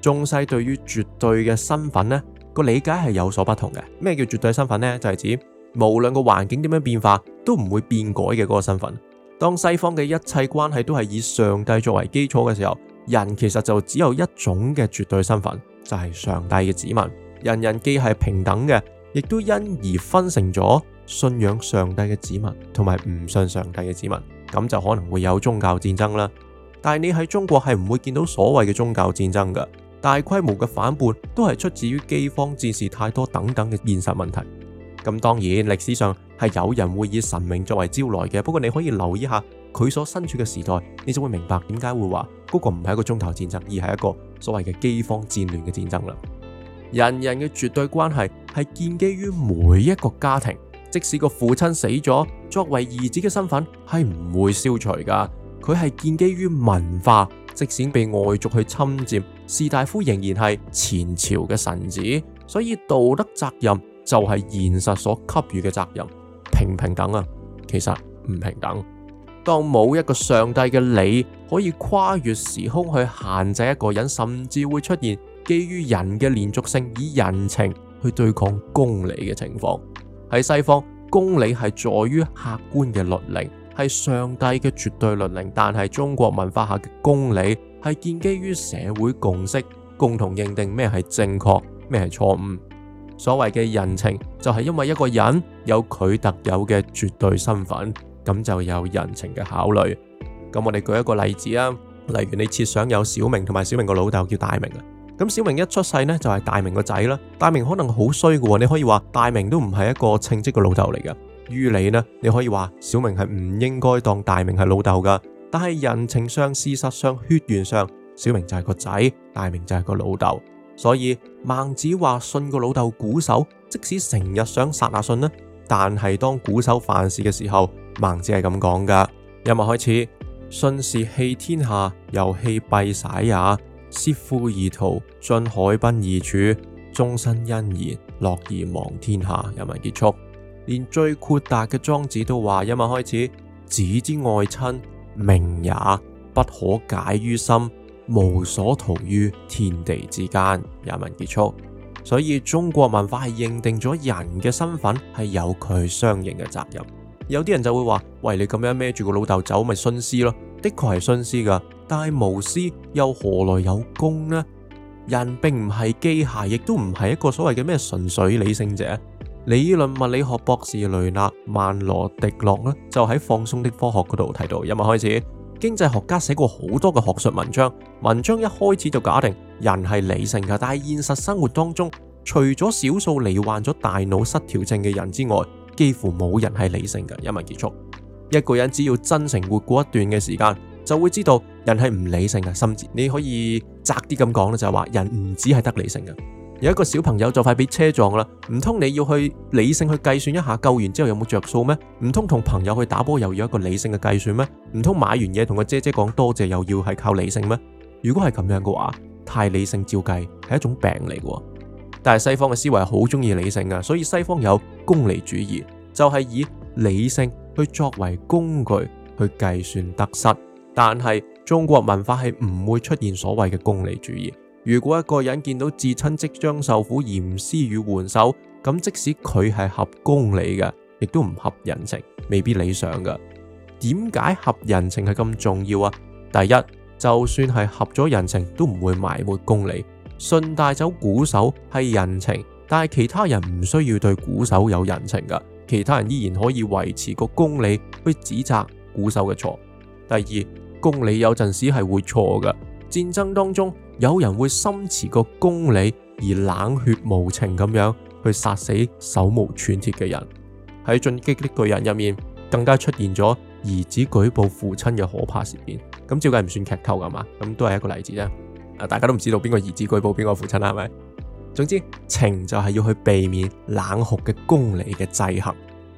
中西對於絕對嘅身份呢個理解係有所不同嘅。咩叫絕對身份呢？就係指無論個環境點樣變化都唔會變改嘅嗰個身份。當西方嘅一切關係都係以上帝作為基礎嘅時候，人其實就只有一種嘅絕對身份，就係上帝嘅子民。人人既係平等嘅，亦都因而分成咗信仰上帝嘅子民同埋唔信上帝嘅子民。咁就可能會有宗教戰爭啦。但係你喺中國係唔會見到所謂嘅宗教戰爭㗎。大規模嘅反叛都係出自於饑荒戰事太多等等嘅現實問題。咁當然，歷史上係有人會以神明作為招來嘅，不過你可以留意下佢所身處嘅時代，你就會明白點解會話嗰個唔係一個中頭戰爭，而係一個所謂嘅饑荒戰亂嘅戰爭啦。人人嘅絕對關係係建基於每一個家庭，即使個父親死咗，作為兒子嘅身份係唔會消除噶，佢係建基於文化。即使被外族去侵占，士大夫仍然係前朝嘅臣子，所以道德責任就係現實所給予嘅責任。平平等啊，其實唔平等。當冇一個上帝嘅理可以跨越時空去限制一個人，甚至會出現基於人嘅連續性以人情去對抗公理嘅情況。喺西方，公理係在於客觀嘅律令，係上帝嘅絕對倫理，但係中國文化下嘅公理係建基於社會共識，共同認定咩係正確，咩係錯誤。所謂嘅人情，就係因為一個人有佢特有嘅絕對身份，咁就有人情嘅考慮。咁我哋舉一個例子啊，例如你設想有小明同埋小明個老豆叫大明啦，咁小明一出世呢就係大明個仔啦，大明可能好衰噶喎，你可以話大明都唔係一個稱職嘅老豆嚟噶。於你呢？你可以話小明係唔應該當大明係老豆噶，但係人情上、事實上、血緣上，小明就係個仔，大明就係個老豆。所以孟子話：舜個老豆瞽瞍，即使成日想殺阿舜呢，但係當瞽瞍犯事嘅時候，孟子係咁講噶。引文開始，舜視棄天下，猶棄敝屣也，竊負而逃，遵海濱而處，終身訢然，樂而忘天下。引文結束。連最豁達嘅莊子都話：，因文開始，子之愛親，命也，不可解於心，無所逃於天地之間。一文結束，所以中國文化係認定咗人嘅身份係有佢相應嘅責任。有啲人就會話：，喂，你咁樣孭住個老豆走，咪徇私咯？的確係徇私噶，但係無私又何來有功呢？人並唔係機械，亦都唔係一個所謂嘅咩純粹理性者。理論物理學博士雷納曼羅迪諾咧就喺放鬆的科學嗰度提到：，一文開始，經濟學家寫過好多嘅學術文章，文章一開始就假定人係理性噶，但係現實生活當中，除咗少數罹患咗大腦失調症嘅人之外，幾乎冇人係理性嘅。一文結束，一個人只要真誠活過一段嘅時間，就會知道人係唔理性嘅。甚至你可以窄啲咁講咧，就係話人唔止係得理性嘅。有一個小朋友就快俾車撞啦，唔通你要去理性去計算一下，救完之後有冇着數咩？唔通同朋友去打波又要一個理性嘅計算咩？唔通買完嘢同個姐姐講多謝又要係靠理性咩？如果係咁樣嘅話，太理性照計係一種病嚟嘅。但係西方嘅思維好中意理性嘅，所以西方有功利主義，就係以理性去作為工具去計算得失。但係中國文化係唔會出現所謂嘅功利主義。如果一個人見到至親即將受苦而唔施與援手，咁即使佢係合公理嘅，亦都唔合人情，未必理想嘅。點解合人情係咁重要啊？第一，就算係合咗人情，都唔會埋沒公理。舜帶走瞽叟係人情，但係其他人唔需要對瞽叟有人情嘅，其他人依然可以維持個公理去指責瞽叟嘅錯。第二，公理有陣時係會錯嘅，戰爭當中。有人會心持個公理而冷血無情咁樣去殺死手無寸鐵嘅人。喺《進擊的巨人》入面，更加出現咗兒子舉報父親嘅可怕事件。咁、嗯，照計唔算劇透㗎嘛？咁、嗯、都係一個例子啫。啊，大家都唔知道邊個兒子舉報邊個父親啦，係咪？總之，情就係要去避免冷酷嘅公理嘅制衡。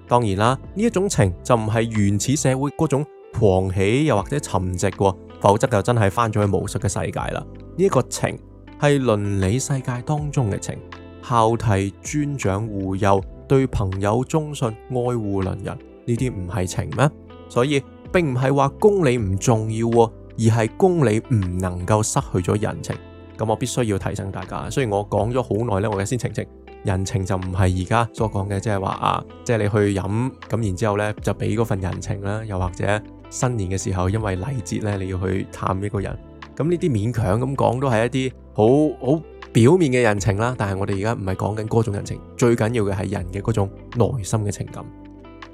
當然啦，呢一種情就唔係原始社會嗰種狂喜又或者沉寂嘅、啊，否則就真係返咗去巫術嘅世界啦。呢個情係倫理世界當中嘅情，孝悌尊長護幼，對朋友忠信，愛護鄰人，呢啲唔係情咩？所以並唔係話公理唔重要喎，而係公理唔能夠失去咗人情。咁我必須要提醒大家，雖然我講咗好耐咧，我而家先澄清，人情就唔係而家所講嘅，即係話啊，即係你去飲，咁然之後咧就俾嗰份人情啦，又或者新年嘅時候因為禮節呢，你要去探呢個人。咁呢啲勉強咁講都係一啲好好表面嘅人情啦，但係我哋而家唔係講緊嗰種人情，最緊要嘅係人嘅嗰種內心嘅情感。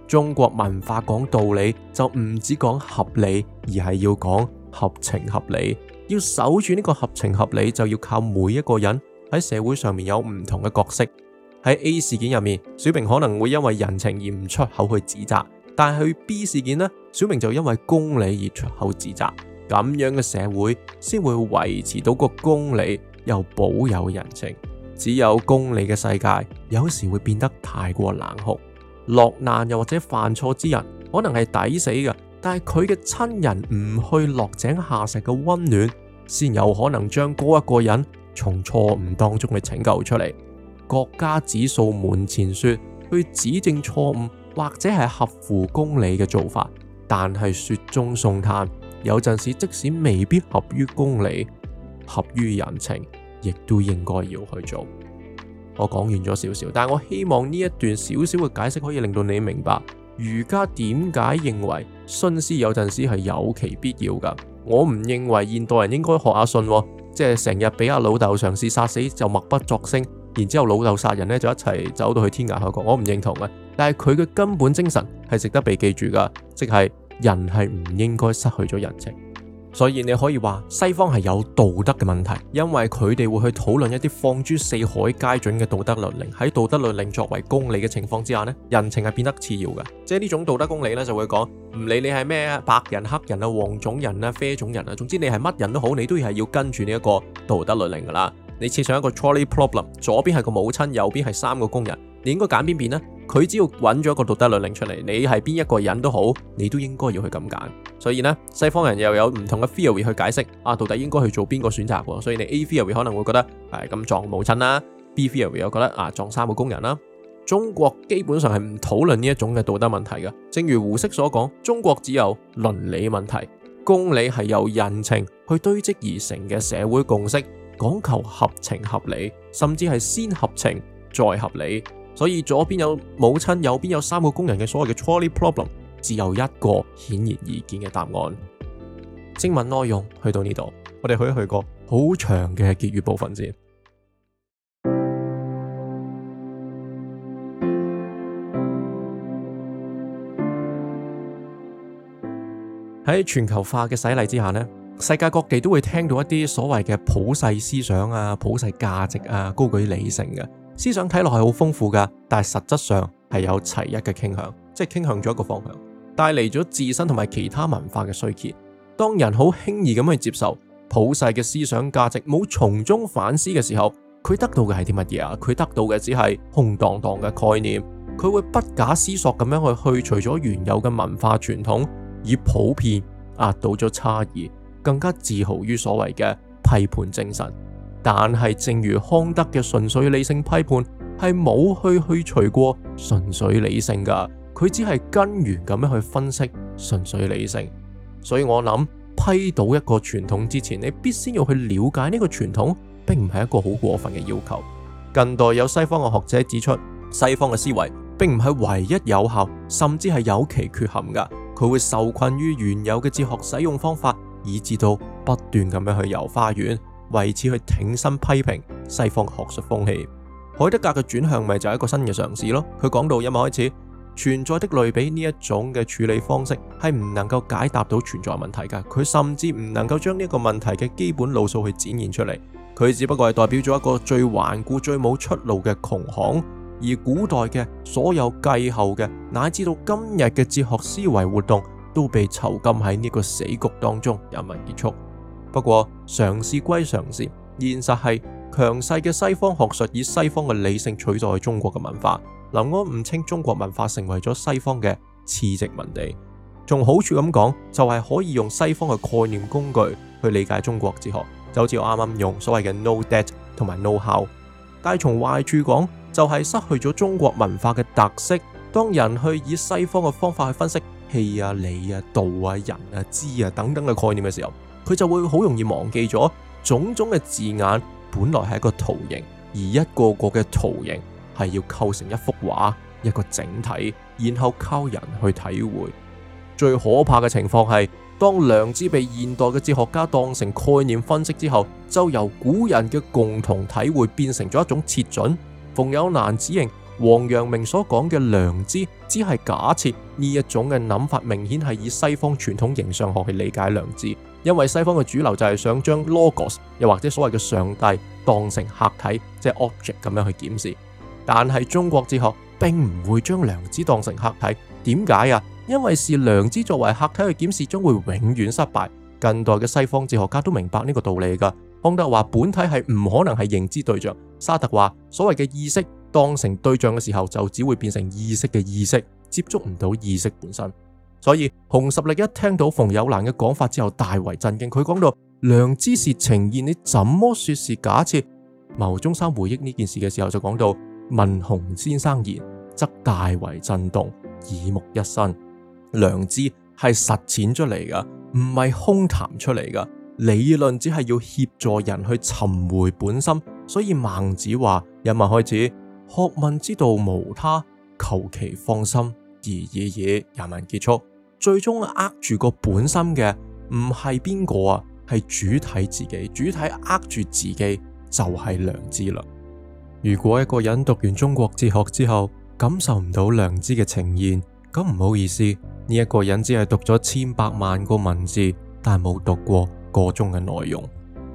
中國文化講道理就唔止講合理，而係要講合情合理。要守住呢個合情合理，就要靠每一個人喺社會上面有唔同嘅角色。喺 A 事件入面，小明可能會因為人情而唔出口去指責，但係去 B 事件呢，小明就因為公理而出口指責。咁樣嘅社會先會維持到個公理又保有人情。只有公理嘅世界，有時會變得太過冷酷。落難又或者犯錯之人，可能係抵死嘅，但係佢嘅親人唔去落井下石嘅溫暖，先有可能將嗰一個人從錯誤當中去拯救出嚟。國家指數門前雪去指正錯誤或者係合乎公理嘅做法，但係雪中送炭，有陣時即使未必合於公理、合於人情，亦都應該要去做。我講完咗少少，但係我希望呢一段少少嘅解釋可以令到你明白儒家點解認為徇私有陣時係有其必要噶。我唔認為現代人應該學下舜，即係成日俾阿老豆嘗試殺死就默不作聲，然之後老豆殺人呢，就一齊走到去天涯海角。我唔認同啊，但係佢嘅根本精神係值得被記住噶，即係。人係唔應該失去咗人情，所以你可以話西方係有道德嘅問題，因為佢哋會去討論一啲放諸四海皆準嘅道德律令。喺道德律令作為公理嘅情況之下呢，人情係變得次要嘅。即係呢種道德公理呢，就會講唔理你係咩白人、黑人啊、黃種人啊、啡種人啊，總之你係乜人都好，你都係要跟住呢一個道德律令噶啦。你設上一個 trolley problem，左邊係個母親，右邊係三個工人，你應該揀邊邊呢？佢只要揾咗一個道德律令出嚟，你係邊一個人都好，你都應該要去咁揀。所以呢，西方人又有唔同嘅 theory 去解釋啊，到底應該去做邊個選擇？所以你 A theory 可能會覺得係咁，啊，撞母親啦，啊，B theory 又覺得啊撞三個工人啦，啊。中國基本上係唔討論呢一種嘅道德問題嘅，正如胡適所講，中國只有倫理問題，公理係由人情去堆積而成嘅社會共識，講求合情合理，甚至係先合情再合理。所以左邊有母親，右邊有三個工人嘅所謂嘅 Trolley Problem，只有一個顯而易見嘅答案。精文內容去到呢度，我哋去一去個好長嘅結語部分先。喺 [MUSIC] 全球化嘅洗禮之下呢，世界各地都會聽到一啲所謂嘅普世思想啊、普世價值啊、高舉理性嘅。思想睇落係好豐富㗎，但係實質上係有齊一嘅傾向，即係傾向咗一個方向，帶嚟咗自身同埋其他文化嘅衰竭。當人好輕易咁去接受普世嘅思想價值，冇從中反思嘅時候，佢得到嘅係啲乜嘢啊？佢得到嘅只係空蕩蕩嘅概念。佢會不假思索咁樣去去除咗原有嘅文化傳統，以普遍壓倒咗差異，更加自豪於所謂嘅批判精神。但係，正如康德嘅純粹理性批判，係冇去去除過純粹理性噶，佢只係根源咁樣去分析純粹理性。所以我諗，批到一個傳統之前，你必先要去了解呢個傳統，並唔係一個好過分嘅要求。近代有西方嘅學者指出，西方嘅思維並唔係唯一有效，甚至係有其缺陷噶，佢會受困於原有嘅哲學使用方法，以致到不斷咁樣去遊花園。為此去挺身批評西方學術風氣，海德格嘅轉向咪就係一個新嘅嘗試咯。佢講到，一為開始存在的類比呢一種嘅處理方式係唔能夠解答到存在問題噶，佢甚至唔能夠將呢個問題嘅基本路數去展現出嚟。佢只不過係代表咗一個最頑固、最冇出路嘅窮巷，而古代嘅所有繼後嘅乃至到今日嘅哲學思維活動都被囚禁喺呢個死局當中，人民結束。不過嘗試歸嘗試，現實係強勢嘅西方學術以西方嘅理性取代中國嘅文化。林安梧稱中國文化成為咗西方嘅次殖民地，從好處咁講就係、是、可以用西方嘅概念工具去理解中國哲學，就好似我啱啱用所謂嘅 know that 同埋 know how 但。但係從壞處講就係、是、失去咗中國文化嘅特色。當人去以西方嘅方法去分析氣啊、理啊、道啊、人啊、知啊等等嘅概念嘅時候。佢就會好容易忘記咗種種嘅字眼，本來係一個圖形，而一個個嘅圖形係要構成一幅畫，一個整體，然後靠人去體會。最可怕嘅情況係，當良知被現代嘅哲學家當成概念分析之後，就由古人嘅共同體會變成咗一種切準。馮友蘭認王陽明所講嘅良知，只係假設呢一種嘅諗法，明顯係以西方傳統形上學去理解良知。因為西方嘅主流就係想將 logos 又或者所謂嘅上帝當成客體，即係 object 咁樣去檢視。但係中國哲學並唔會將良知當成客體。點解啊？因為是良知作為客體去檢視，將會永遠失敗。近代嘅西方哲學家都明白呢個道理噶。康德話本體係唔可能係認知對象。沙特話所謂嘅意識當成對象嘅時候，就只會變成意識嘅意識，接觸唔到意識本身。所以熊十力一聽到馮友蘭嘅講法之後，大為震驚。佢講到良知是呈現，你怎麼說是假設？牟宗三回憶呢件事嘅時候就，就講到聞熊先生言，則大為震動，耳目一新。良知係實踐出嚟噶，唔係空談出嚟噶。理論只係要協助人去尋回本心。所以孟子話：引文開始，學問之道無他，求其放心而已矣，引文結束。最終呃住個本心嘅唔係邊個啊？係主體自己，主體呃住自己就係、是、良知啦。如果一個人讀完中國哲學之後感受唔到良知嘅呈現，咁唔好意思，呢、這、一個人只係讀咗千百萬個文字，但係冇讀過個中嘅內容。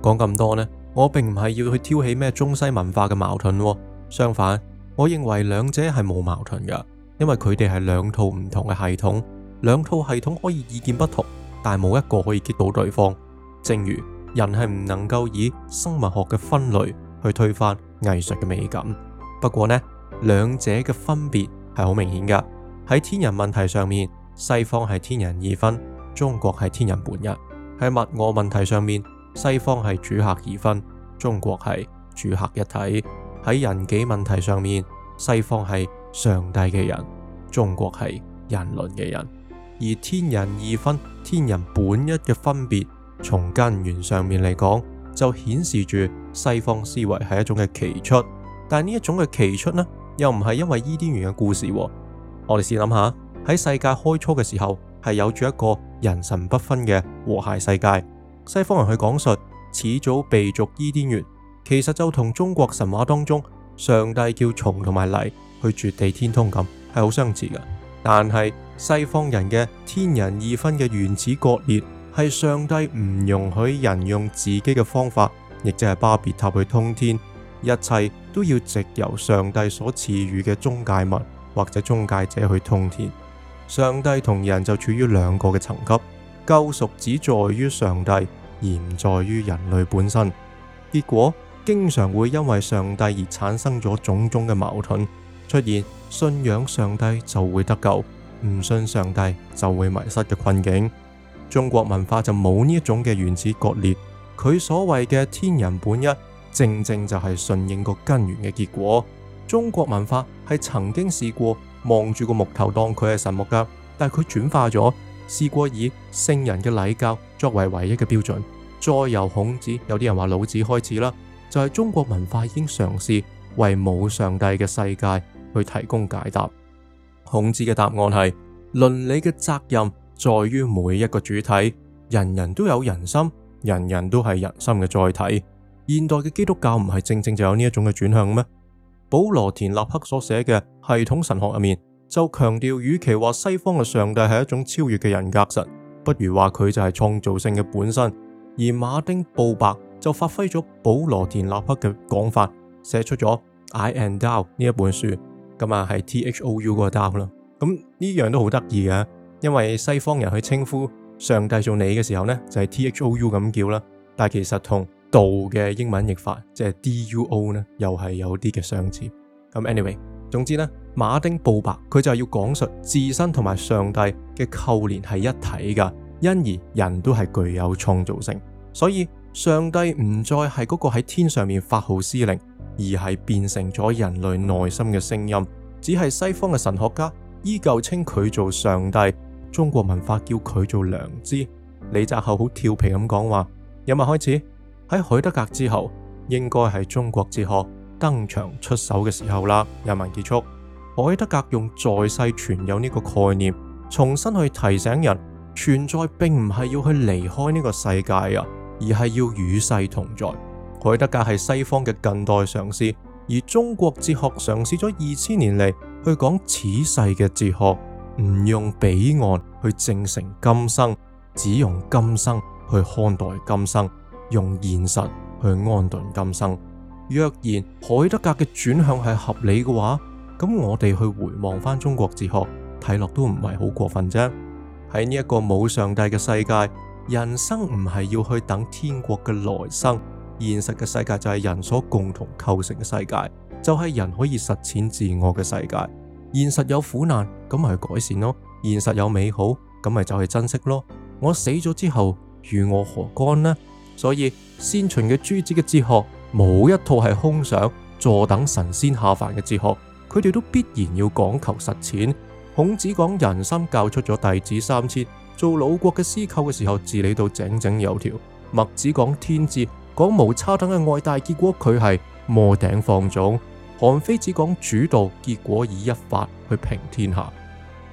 講咁多呢，我並唔係要去挑起咩中西文化嘅矛盾，哦，相反，我認為兩者係冇矛盾嘅，因為佢哋係兩套唔同嘅系統。兩套系統可以意見不同，但冇一個可以激到對方。正如人係唔能夠以生物學嘅分類去推翻藝術嘅美感。不過呢，兩者嘅分別係好明顯噶。喺天人問題上面，西方係天人二分，中國係天人本一；喺物我問題上面，西方係主客二分，中國係主客一體；喺人己問題上面，西方係上帝嘅人，中國係人倫嘅人。而天人二分、天人本一嘅分別，從根源上面嚟講，就顯示住西方思維係一種嘅奇出。但呢一種嘅奇出呢，又唔係因為伊甸園嘅故事啊。我哋試諗下，喺世界開初嘅時候，係有住一個人神不分嘅和諧世界。西方人去講述始祖被逐伊甸園，其實就同中國神話當中上帝叫重同埋黎去絕地天通咁，係好相似噶。但係西方人嘅天人二分嘅原始割裂，係上帝唔容許人用自己嘅方法，亦即係巴別塔去通天，一切都要藉由上帝所賜予嘅中介物或者中介者去通天。上帝同人就處於兩個嘅層級，救贖只在於上帝而唔在於人類本身。結果經常會因為上帝而產生咗種種嘅矛盾。出現信仰上帝就會得救，唔信上帝就會迷失嘅困境。中國文化就冇呢一種嘅原始割裂，佢所謂嘅天人本一，正正就係順應個根源嘅結果。中國文化係曾經試過望住個木頭當佢係神木噶，但佢轉化咗，試過以聖人嘅禮教作為唯一嘅標準，再由孔子，有啲人話老子開始啦，就係、是、中國文化已經嘗試為冇上帝嘅世界，去提供解答。孔子嘅答案係倫理嘅責任在於每一個主體，人人都有人心，人人都係人心嘅載體。現代嘅基督教唔係正正就有呢一種嘅轉向咩？保羅·田立克所寫嘅《系統神學》入面就強調，與其話西方嘅上帝係一種超越嘅人格神，不如話佢就係創造性嘅本身。而馬丁·布伯就發揮咗保羅·田立克嘅講法，寫出咗《I and Thou》呢一本書。咁啊，係 thou 嗰個 d o u 啦。咁呢樣都好得意嘅，因為西方人去稱呼上帝做你嘅時候呢，就係、是、thou 咁叫啦。但係其實同道嘅英文譯法即係 duo 呢，又係有啲嘅相似。咁 anyway，總之呢，馬丁布伯，佢就係要講述自身同埋上帝嘅扣連係一體嘅，因而人都係具有創造性，所以上帝唔再係嗰個喺天上面發號施令。而係變成咗人類內心嘅聲音，只係西方嘅神學家依舊稱佢做上帝，中國文化叫佢做良知。李澤厚好調皮咁講話：引文開始喺海德格之後，應該係中國哲學登場出手嘅時候啦。引文結束，海德格用在世存有呢個概念，重新去提醒人，存在並唔係要去離開呢個世界啊，而係要與世同在。海德格係西方嘅近代嘗試，而中國哲學嘗試咗二千年嚟，去講此世嘅哲學，唔用彼岸去證成今生，只用今生去看待今生，用現實去安頓今生。若然海德格嘅轉向係合理嘅話，咁我哋去回望翻中國哲學，睇落都唔係好過分啫。喺呢一個冇上帝嘅世界，人生唔係要去等天國嘅來生。現實嘅世界就係人所共同構成嘅世界，就係人可以實踐自我嘅世界。現實有苦難，咁咪改善咯；現實有美好，咁咪就係珍惜咯。我死咗之後，與我何干呢？所以先秦嘅諸子嘅哲學冇一套係空想，坐等神仙下凡嘅哲學，佢哋都必然要講求實踐。孔子講人心，教出咗弟子三千；做魯國嘅司寇嘅時候，治理到井井有條。墨子講天志。講無差等嘅愛大，結果佢係摩頂放踵；韓非只講主導，結果以一法去平天下。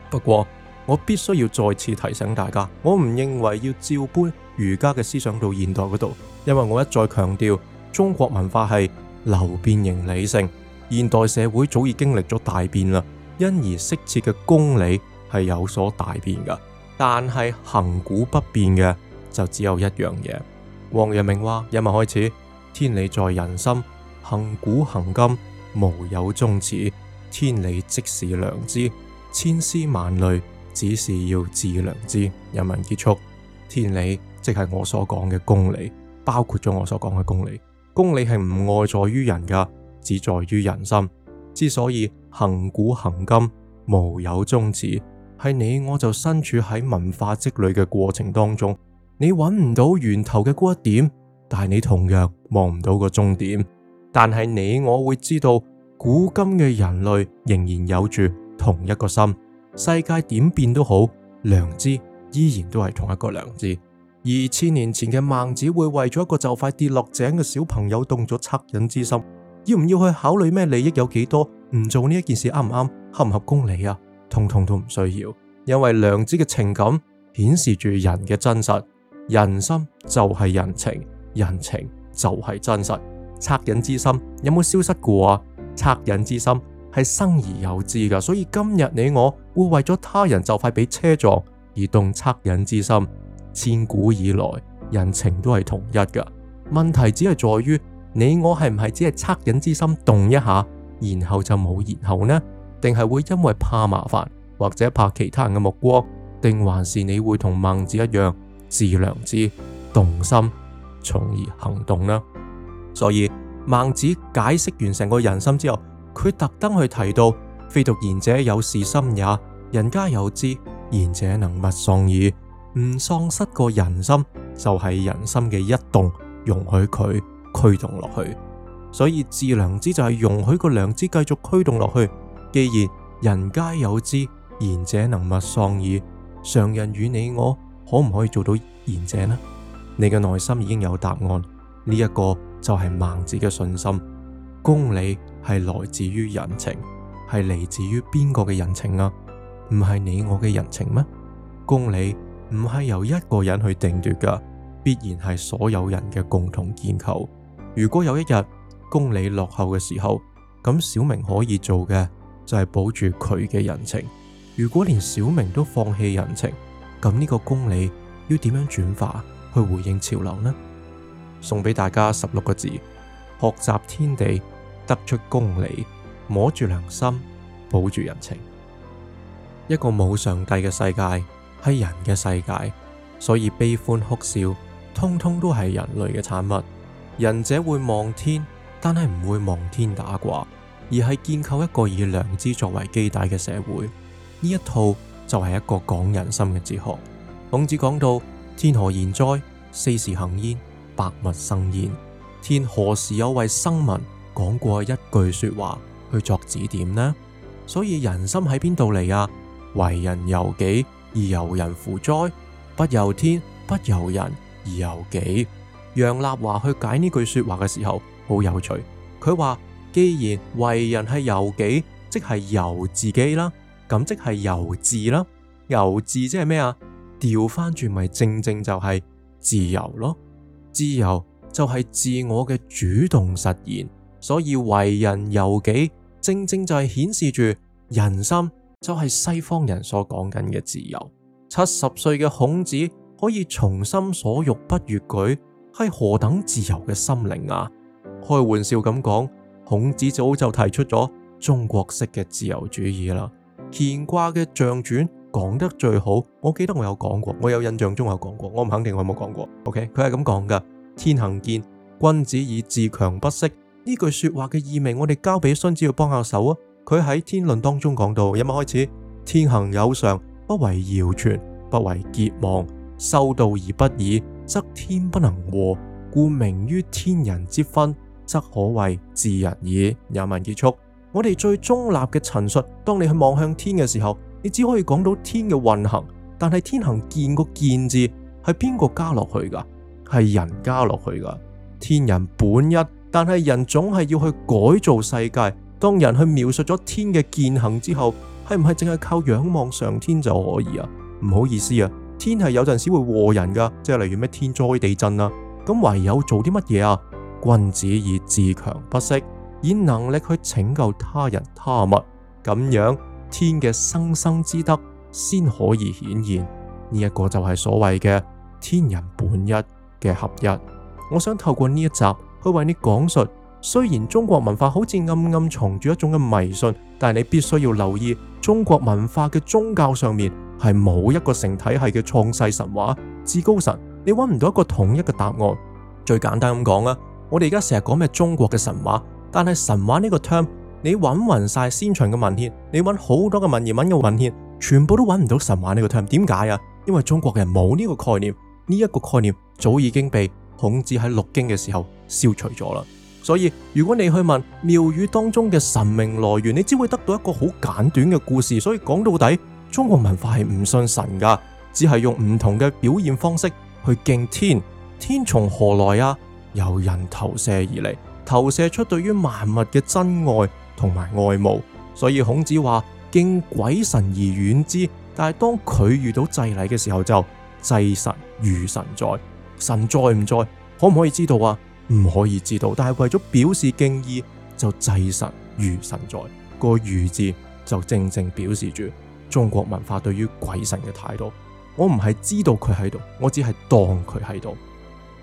不過我必須要再次提醒大家，我唔認為要照搬儒家嘅思想到現代嗰度，因為我一再強調中國文化係流變型理性。現代社會早已經歷咗大變啦，因而適切嘅公理係有所大變嘅。但係恒古不變嘅就只有一樣嘢。王陽明話：引文開始，天理在人心，行古行今，無有終始。天理即是良知，千思萬慮，只是要致良知。引文結束，天理即係我所講嘅公理，包括咗我所講嘅公理。公理係唔外在於人噶，只在於人心。之所以行古行今，無有終始，係你我就身處喺文化積累嘅過程當中。你揾唔到源頭嘅一點，但係你同樣望唔到個終點。但係你我會知道，古今嘅人類仍然有住同一個心。世界點變都好，良知依然都係同一個良知。二千年前嘅孟子會為咗一個就快跌落井嘅小朋友動咗惻隱之心，要唔要去考慮咩利益有幾多，唔做呢一件事啱唔啱，合唔合公理啊？通通都唔需要，因為良知嘅情感顯示住人嘅真實。人心就係人情，人情就係真實。惻隱之心有冇消失過啊？惻隱之心係生而有之噶，所以今日你我會為咗他人就快俾車撞而動惻隱之心，千古以來人情都係同一噶問題只係在於你我係唔係只係惻隱之心動一下，然後就冇然後呢？定係會因為怕麻煩或者怕其他人嘅目光，定還是你會同孟子一樣？致良知動心，從而行動啦。所以孟子解釋完成個人心之後，佢特登去提到：非獨賢者有是心也，人皆有之。賢者能勿喪耳。唔喪失個人心，就係、是、人心嘅一動，容許佢驅動落去。所以致良知就係容許個良知繼續驅動落去。既然人皆有之，賢者能勿喪耳。常人與你我。可唔可以做到賢者呢？你嘅內心已經有答案，呢一個就係孟子嘅信心。公理係來自於人情，係嚟自於邊個嘅人情啊？唔係你我嘅人情咩？公理唔係由一個人去定奪噶，必然係所有人嘅共同建構。如果有一日公理落後嘅時候，咁小明可以做嘅就係保住佢嘅人情。如果連小明都放棄人情，咁呢個公理要點樣轉化去回應潮流呢？送俾大家十六個字：學習天地，得出公理，摸住良心，保住人情。一個冇上帝嘅世界係人嘅世界，所以悲歡哭笑，通通都係人類嘅產物。仁者會望天，但係唔會望天打卦，而係建構一個以良知作為基底嘅社會。呢一套。就係一個講人心嘅哲學。孔子講到：天何言哉？四時行焉，百物生焉。天何時有為生民講過一句說話去作指點呢？所以人心喺邊度嚟啊？為人由己，而由人乎哉，不由天，不由人，而由己。楊立華去解呢句說話嘅時候好有趣，佢話：既然為人係由己，即係由自己啦。咁即係「由自」啦，「由自」即係咩啊？調翻轉咪正正就係自由咯，自由就係自我嘅主動實現。所以為人由己，正正就係顯示住人心就係西方人所講緊嘅自由。七十歲嘅孔子可以從心所欲不逾矩，係何等自由嘅心靈啊！開玩笑咁講，孔子早就提出咗中國式嘅自由主義啦。乾卦嘅象傳講得最好，我記得我有講過，我有印象中有講過，我唔肯定我有冇講過。OK，佢係咁講噶，天行健，君子以自強不息。呢句說話嘅意味，我哋交俾孫子要幫下手啊。佢喺天論當中講到，一文開始，天行有常，不為堯存，不為桀亡，修道而不已，則天不能禍，故明於天人之分，則可謂至人矣。一文結束。我哋最中立嘅陳述，當你去望向天嘅時候，你只可以講到天嘅運行，但係天行健個健字係邊個加落去噶？係人加落去噶天人本一，但係人總係要去改造世界。當人去描述咗天嘅健行之後，係唔係淨係靠仰望上天就可以啊？唔好意思啊，天係有陣時會禍人噶即係例如咩天災地震啊，咁唯有做啲乜嘢啊？君子以自強不息。以能力去拯救他人他物，咁樣天嘅生生之德先可以顯現。呢一個就係所謂嘅天人本一嘅合一。我想透過呢一集去為你講述。雖然中國文化好似暗暗藏住一種嘅迷信，但係你必須要留意中國文化嘅宗教上面係冇一個成體系嘅創世神話至高神，你揾唔到一個統一嘅答案。最簡單咁講啊，我哋而家成日講咩？中國嘅神話。但係神話呢個 term，你揾勻晒先秦嘅文獻，你揾好多嘅文言文嘅文獻，全部都揾唔到神話呢個 term。點解啊？因為中國人冇呢個概念，呢一個概念早已經被孔子喺六經嘅時候消除咗啦。所以如果你去問廟宇當中嘅神明來源，你只會得到一個好簡短嘅故事。所以講到底，中國文化係唔信神噶，只係用唔同嘅表現方式去敬天。天從何來啊？由人投射而嚟。投射出對於萬物嘅真愛同埋愛慕，所以孔子話敬鬼神而遠之。但係當佢遇到祭禮嘅時候就，就祭神如神在。神在唔在，可唔可以知道啊？唔可以知道。但係為咗表示敬意，就祭神如神在。個如字就正正表示住中國文化對於鬼神嘅態度。我唔係知道佢喺度，我只係當佢喺度。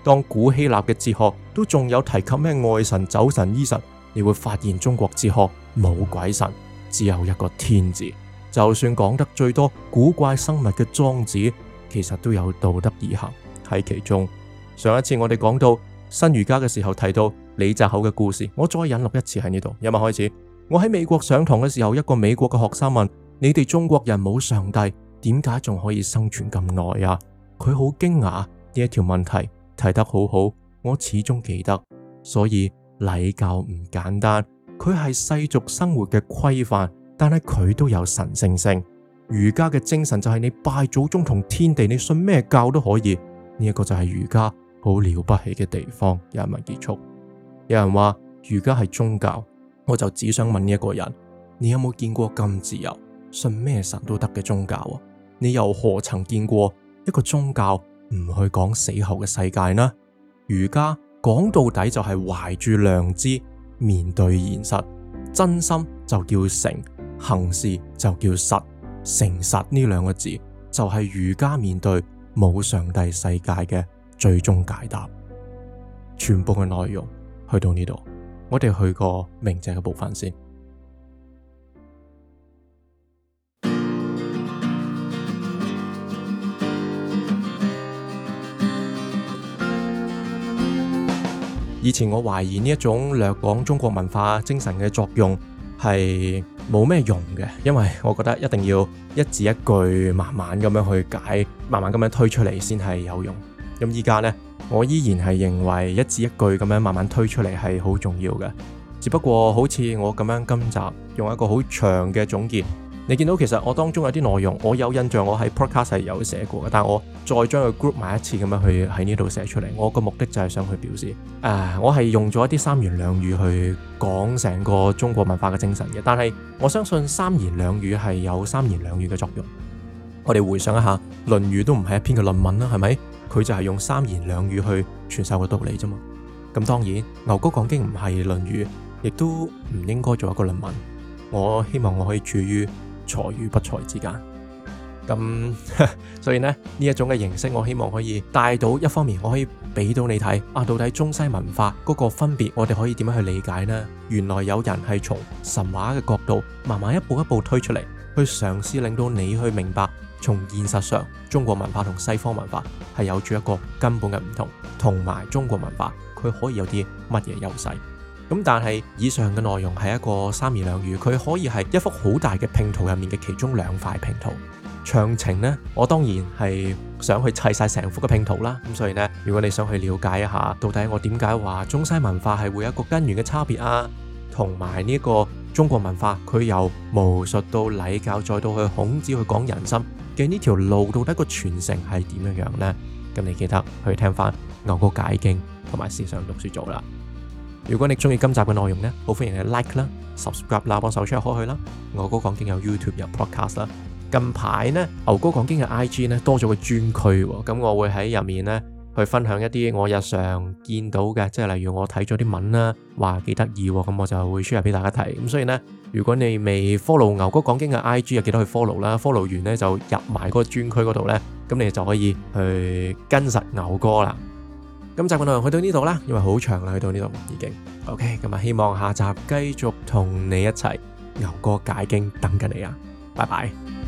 當古希臘嘅哲學都仲有提及咩愛神、酒神、醫神，你會發現中國哲學冇鬼神，只有一個天字。就算講得最多古怪生物嘅莊子，其實都有道德而行喺其中。上一次我哋講到新儒家嘅時候，提到李澤厚嘅故事，我再引錄一次喺呢度。因為開始我喺美國上堂嘅時候，一個美國嘅學生問：你哋中國人冇上帝，點解仲可以生存咁耐啊？佢好驚訝呢一條問題。睇得好好，我始終記得，所以禮教唔簡單，佢係世俗生活嘅規範，但係佢都有神聖性。儒家嘅精神就係你拜祖宗同天地，你信咩教都可以，呢一個就係儒家好了不起嘅地方。又係咪結束？有人話儒家係宗教，我就只想問呢一個人：你有冇見過咁自由，信咩神都得嘅宗教啊？你又何曾見過一個宗教？唔去講死後嘅世界啦，儒家講到底就係懷住良知面對現實，真心就叫誠，行事就叫實，誠實呢兩個字就係儒家面對冇上帝世界嘅最終解答。全部嘅內容去到呢度，我哋去過鳴謝嘅部分先。以前我懷疑呢一種略講中國文化精神嘅作用係冇咩用嘅，因為我覺得一定要一字一句慢慢咁樣去解，慢慢咁樣推出嚟先係有用。咁依家呢，我依然係認為一字一句咁樣慢慢推出嚟係好重要嘅。只不過好似我咁樣，今集用一個好長嘅總結。你見到其實我當中有啲內容，我有印象，我喺 podcast 係有寫過嘅，但我再將佢 group 埋一次咁樣去喺呢度寫出嚟。我個目的就係想去表示，誒、呃，我係用咗一啲三言兩語去講成個中國文化嘅精神嘅。但係我相信三言兩語係有三言兩語嘅作用。我哋回想一下，《論語》都唔係一篇嘅論文啦，係咪？佢就係用三言兩語去傳授個道理啫嘛。咁當然，《牛哥講經》唔係《論語》，亦都唔應該做一個論文。我希望我可以處於才與不才之間，咁所以呢呢一種嘅形式，我希望可以帶到一方面，我可以俾到你睇啊，到底中西文化嗰個分別，我哋可以點樣去理解呢？原來有人係從神話嘅角度，慢慢一步一步推出嚟，去嘗試令到你去明白，從現實上，中國文化同西方文化係有住一個根本嘅唔同，同埋中國文化佢可以有啲乜嘢優勢。咁但係以上嘅內容係一個三言兩語，佢可以係一幅好大嘅拼圖入面嘅其中兩塊拼圖。詳情呢，我當然係想去砌晒成幅嘅拼圖啦。咁所以呢，如果你想去了解一下到底我點解話中西文化係會有一個根源嘅差別啊，同埋呢個中國文化，佢由巫術到禮教再到去孔子去講人心嘅呢條路，到底個傳承係點樣樣呢？咁你記得去聽翻《牛哥解經》同埋《時尚讀書組》啦。如果你中意今集嘅內容呢，好歡迎你 like 啦，subscribe 啦，幫手 share 開去啦。牛哥講經有 YouTube，有 podcast 啦。近排呢，牛哥講經嘅 IG 呢，多咗個專區喎。咁我會喺入面呢去分享一啲我日常見到嘅，即係例如我睇咗啲文啦，話幾得意喎。咁我就會 share 俾大家睇。咁所以呢，如果你未 follow 牛哥講經嘅 IG，記得去 follow 啦。follow 完呢就入埋嗰個專區嗰度呢，咁你就可以去跟實牛哥啦。今集節目內容去到呢度啦，因為好長啦，去到呢度已經。OK，咁啊，希望下集繼續同你一齊牛哥解經，等緊你啊，拜拜。